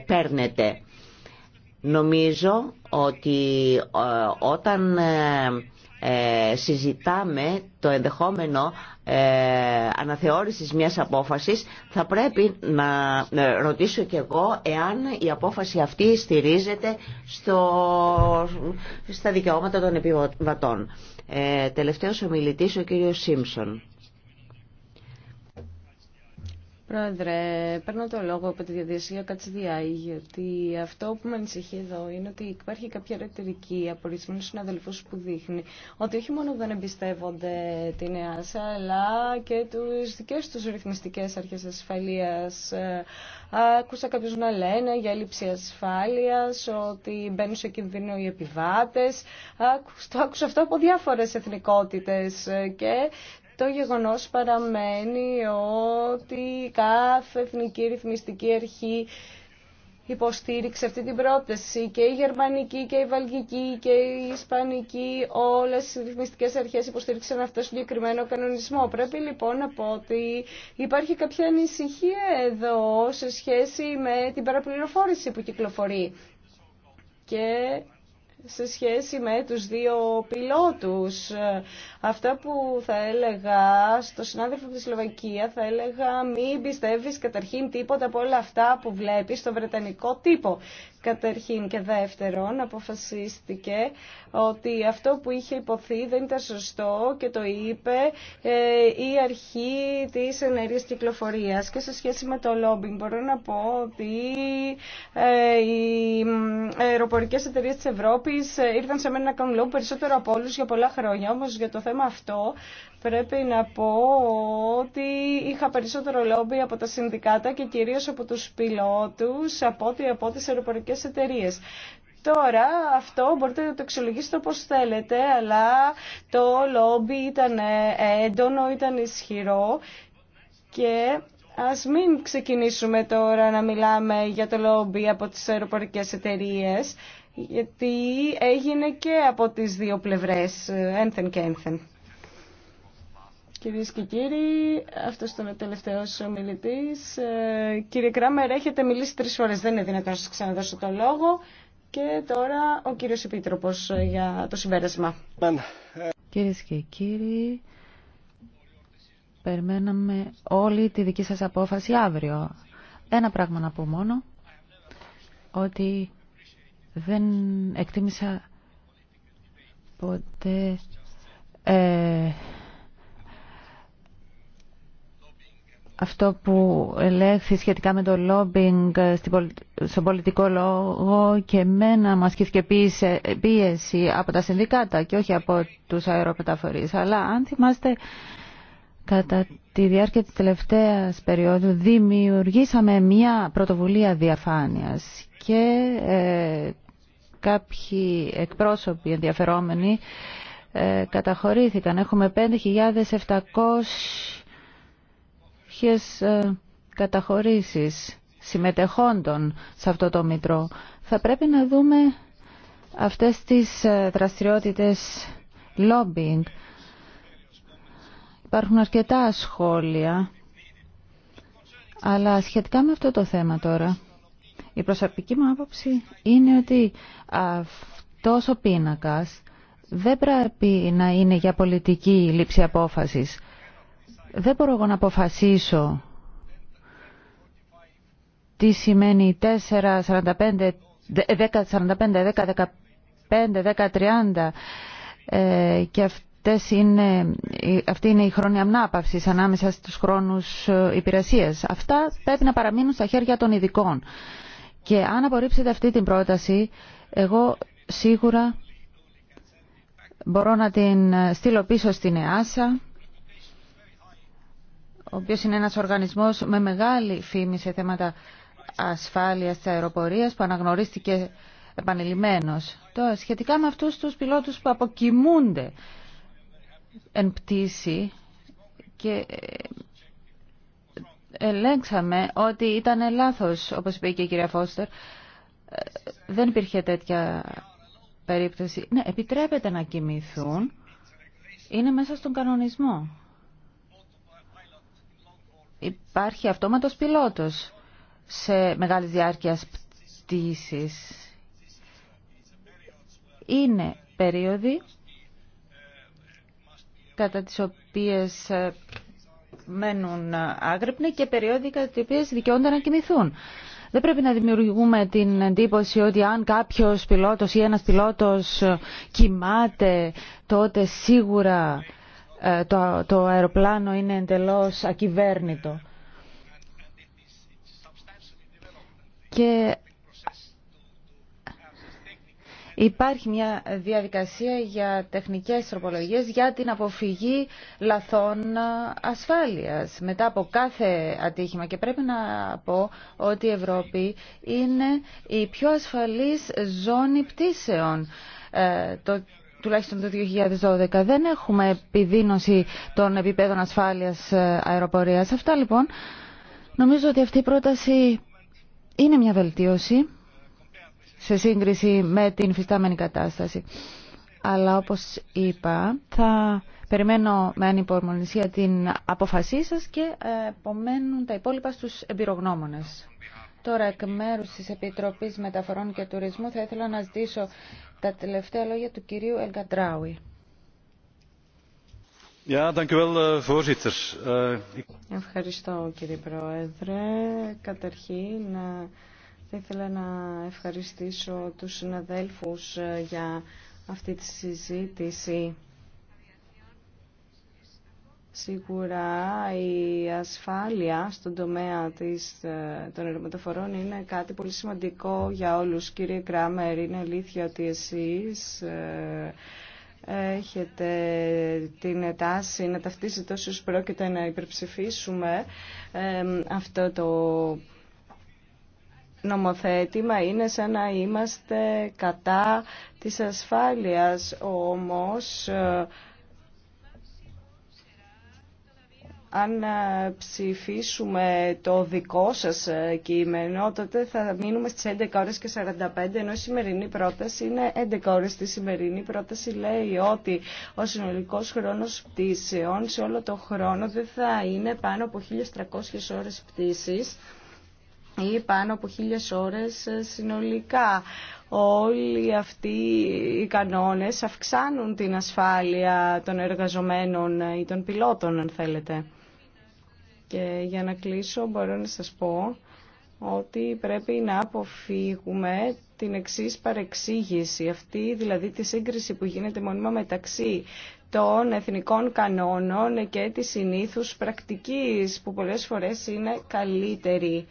παίρνετε. Νομίζω ότι όταν ε, συζητάμε το ενδεχόμενο ε, αναθεώρησης μιας απόφασης θα πρέπει να ρωτήσω κι εγώ εάν η απόφαση αυτή στηρίζεται στο, στα δικαιώματα των επιβατών. Ε, τελευταίος ομιλητής ο κύριος Σίμψον. Πρόεδρε, παίρνω το λόγο από τη διαδικασία Κατσιδιάη, γιατί αυτό που με ανησυχεί εδώ είναι ότι υπάρχει κάποια ρεκτηρική από ορισμένου συναδελφού που δείχνει ότι όχι μόνο δεν εμπιστεύονται την ΕΑΣΑ, αλλά και τι δικέ του ρυθμιστικέ αρχέ ασφαλεία. Ε, άκουσα κάποιου να λένε για έλλειψη ασφάλεια, ότι μπαίνουν σε κίνδυνο οι επιβάτε. Το άκουσα αυτό από διάφορε εθνικότητε ε, και το γεγονός παραμένει ότι κάθε εθνική ρυθμιστική αρχή υποστήριξε αυτή την πρόταση και η γερμανική και η βαλγική και η ισπανική όλες οι ρυθμιστικές αρχές υποστήριξαν αυτό το συγκεκριμένο κανονισμό. Πρέπει λοιπόν να πω ότι υπάρχει κάποια ανησυχία εδώ σε σχέση με την παραπληροφόρηση που κυκλοφορεί και σε σχέση με τους δύο πιλότους. Αυτά που θα έλεγα στο συνάδελφο από τη Σλοβακία, θα έλεγα μην πιστεύεις καταρχήν τίποτα από όλα αυτά που βλέπεις στο βρετανικό τύπο. Καταρχήν και δεύτερον αποφασίστηκε ότι αυτό που είχε υποθεί δεν ήταν σωστό και το είπε ε, η αρχή της ενέργειας κυκλοφορίας. Και σε σχέση με το λόμπινγκ μπορώ να πω ότι ε, αεροπορικές εταιρείε τη Ευρώπη ε, ήρθαν σε μένα να κάνουν λόγο περισσότερο από όλου για πολλά χρόνια. Όμως για το θέμα αυτό πρέπει να πω ότι είχα περισσότερο λόμπι από τα συνδικάτα και κυρίως από τους πιλότους από ό,τι από τις αεροπορικές εταιρείες. Τώρα αυτό μπορείτε να το εξολογήσετε όπως θέλετε, αλλά το λόμπι ήταν ε, έντονο, ήταν ισχυρό και Ας μην ξεκινήσουμε τώρα να μιλάμε για το λόμπι από τις αεροπορικές εταιρείες, γιατί έγινε και από τις δύο πλευρές, ένθεν και ένθεν. Κυρίες και κύριοι, αυτός ήταν ο τελευταίος ομιλητής. Ε, κύριε Κράμερ, έχετε μιλήσει τρεις φορές, δεν είναι δυνατόν να σας ξαναδώσω το λόγο. Και τώρα ο κύριος Επίτροπος για το συμπέρασμα. Κυρίε και κύριοι, Περιμέναμε όλη τη δική σας απόφαση αύριο. Ένα πράγμα να πω μόνο, ότι δεν εκτίμησα ποτέ ε, αυτό που ελέγχθη σχετικά με το λόμπινγκ στον πολιτικό λόγο και μένα μας σε πίεση από τα συνδικάτα και όχι από τους αεροπεταφορείς. Αλλά αν θυμάστε Κατά τη διάρκεια της τελευταίας περίοδου δημιουργήσαμε μια πρωτοβουλία διαφάνειας και ε, κάποιοι εκπρόσωποι ενδιαφερόμενοι ε, καταχωρήθηκαν. Έχουμε 5.700 ε, καταχωρήσεις συμμετεχόντων σε αυτό το Μητρό. Θα πρέπει να δούμε αυτές τις δραστηριότητες lobbying Υπάρχουν αρκετά σχόλια, αλλά σχετικά με αυτό το θέμα τώρα, η προσωπική μου άποψη είναι ότι αυτός ο πίνακας δεν πρέπει να είναι για πολιτική λήψη απόφασης. Δεν μπορώ εγώ να αποφασίσω τι σημαίνει 4, 45, 10, 45, 10, 15, 10, 30 και αυτό αυτές είναι, αυτή είναι η χρόνια ανάπαυση ανάμεσα στους χρόνους ε, υπηρεσίας. Αυτά πρέπει να παραμείνουν στα χέρια των ειδικών. Και αν απορρίψετε αυτή την πρόταση, εγώ σίγουρα μπορώ να την ε, στείλω πίσω στην ΕΑΣΑ, ο οποίος είναι ένας οργανισμός με μεγάλη φήμη σε θέματα ασφάλειας της αεροπορίας που αναγνωρίστηκε επανειλημμένος. Τώρα, σχετικά με αυτούς τους πιλότους που αποκοιμούνται εν πτήση και ε, ελέγξαμε ότι ήταν λάθος, όπως είπε και η κυρία Φώστερ. Ε, δεν υπήρχε τέτοια περίπτωση. Ναι, επιτρέπεται να κοιμηθούν. Είναι μέσα στον κανονισμό. Υπάρχει αυτόματος πιλότος σε μεγάλη διάρκεια πτήσης. Είναι περίοδοι κατά τις οποίες ε, μένουν άγρυπνοι και περίοδοι κατά τις οποίες δικαιούνται να κοιμηθούν. Δεν πρέπει να δημιουργούμε την εντύπωση ότι αν κάποιος πιλότος ή ένας πιλότος ε, κοιμάται, τότε σίγουρα ε, το, το αεροπλάνο είναι εντελώς ακυβέρνητο. Υπάρχει μια διαδικασία για τεχνικές τροπολογίες για την αποφυγή λαθών ασφάλειας μετά από κάθε ατύχημα και πρέπει να πω ότι η Ευρώπη είναι η πιο ασφαλής ζώνη πτήσεων. Ε, τουλάχιστον το 2012 δεν έχουμε επιδείνωση των επιπέδων ασφάλειας ε, αεροπορίας. Αυτά λοιπόν, νομίζω ότι αυτή η πρόταση είναι μια βελτίωση σε σύγκριση με την φυστάμενη κατάσταση. Αλλά όπως είπα, θα περιμένω με ανυπορμονησία την αποφασή σας και απομένουν ε, τα υπόλοιπα στους εμπειρογνώμονες. Τώρα, εκ μέρους της Επιτροπής Μεταφορών και Τουρισμού, θα ήθελα να ζητήσω τα τελευταία λόγια του κυρίου Ελκαντράουι. Eh, eh, Ευχαριστώ κύριε Πρόεδρε. Καταρχήν, θα ήθελα να ευχαριστήσω τους συναδέλφους ε, για αυτή τη συζήτηση. Σίγουρα η ασφάλεια στον τομέα της, ε, των ερωμεταφορών είναι κάτι πολύ σημαντικό για όλους. Κύριε Κράμερ, είναι αλήθεια ότι εσείς ε, έχετε την τάση να ταυτίζετε όσους πρόκειται να υπερψηφίσουμε αυτό το νομοθέτημα είναι σαν να είμαστε κατά της ασφάλειας. Όμως, ε, αν ε, ψηφίσουμε το δικό σας ε, κείμενο, τότε θα μείνουμε στις 11 ώρες και 45, ενώ η σημερινή πρόταση είναι 11 ώρες. Τη σημερινή πρόταση λέει ότι ο συνολικός χρόνος πτήσεων σε όλο το χρόνο δεν θα είναι πάνω από 1.300 ώρες πτήσης ή πάνω από χίλιες ώρες ε, συνολικά. Όλοι αυτοί οι κανόνες αυξάνουν την ασφάλεια των εργαζομένων ε, ή των πιλότων, αν θέλετε. Και για να κλείσω μπορώ να σας πω ότι πρέπει να αποφύγουμε την εξής παρεξήγηση, αυτή δηλαδή τη σύγκριση που γίνεται μονίμα μεταξύ των εθνικών κανόνων και της συνήθους πρακτικής που πολλές φορές είναι καλύτερη.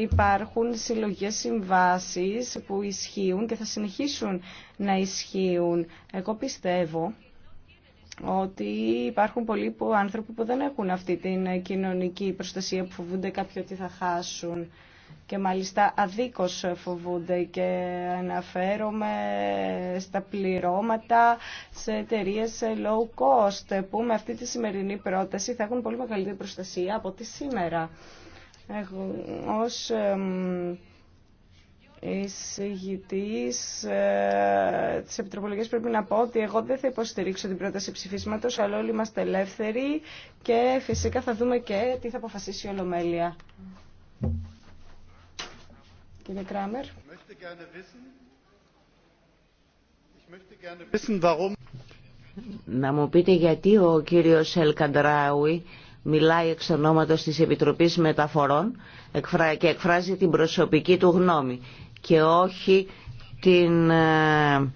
Υπάρχουν συλλογές συμβάσεις που ισχύουν και θα συνεχίσουν να ισχύουν. Εγώ πιστεύω ότι υπάρχουν πολλοί που, άνθρωποι που δεν έχουν αυτή την κοινωνική προστασία που φοβούνται κάποιοι ότι θα χάσουν και μάλιστα αδίκως φοβούνται και αναφέρομαι στα πληρώματα σε εταιρείε low cost που με αυτή τη σημερινή πρόταση θα έχουν πολύ μεγαλύτερη προστασία από τη σήμερα. Εγώ, ως εισηγητής ε, της Επιτροπολογίας πρέπει να πω ότι εγώ δεν θα υποστηρίξω την πρόταση ψηφίσματος, αλλά όλοι είμαστε ελεύθεροι και φυσικά θα δούμε και τι θα αποφασίσει η Ολομέλεια. Κύριε Κράμερ. Να μου πείτε γιατί ο κύριος Ελκαντράουι μιλάει εξ ονόματος της Επιτροπής Μεταφορών και εκφράζει την προσωπική του γνώμη και όχι την ε,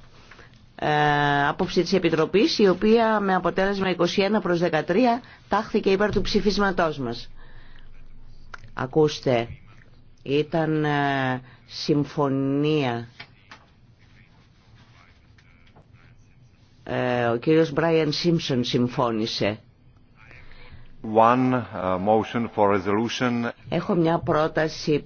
ε, άποψη της Επιτροπής η οποία με αποτέλεσμα 21 προς 13 τάχθηκε υπέρ του ψηφίσματός μας. Ακούστε, ήταν ε, συμφωνία. ο κύριος Μπράιεν Σίμψον συμφώνησε Uh, Έχω μια πρόταση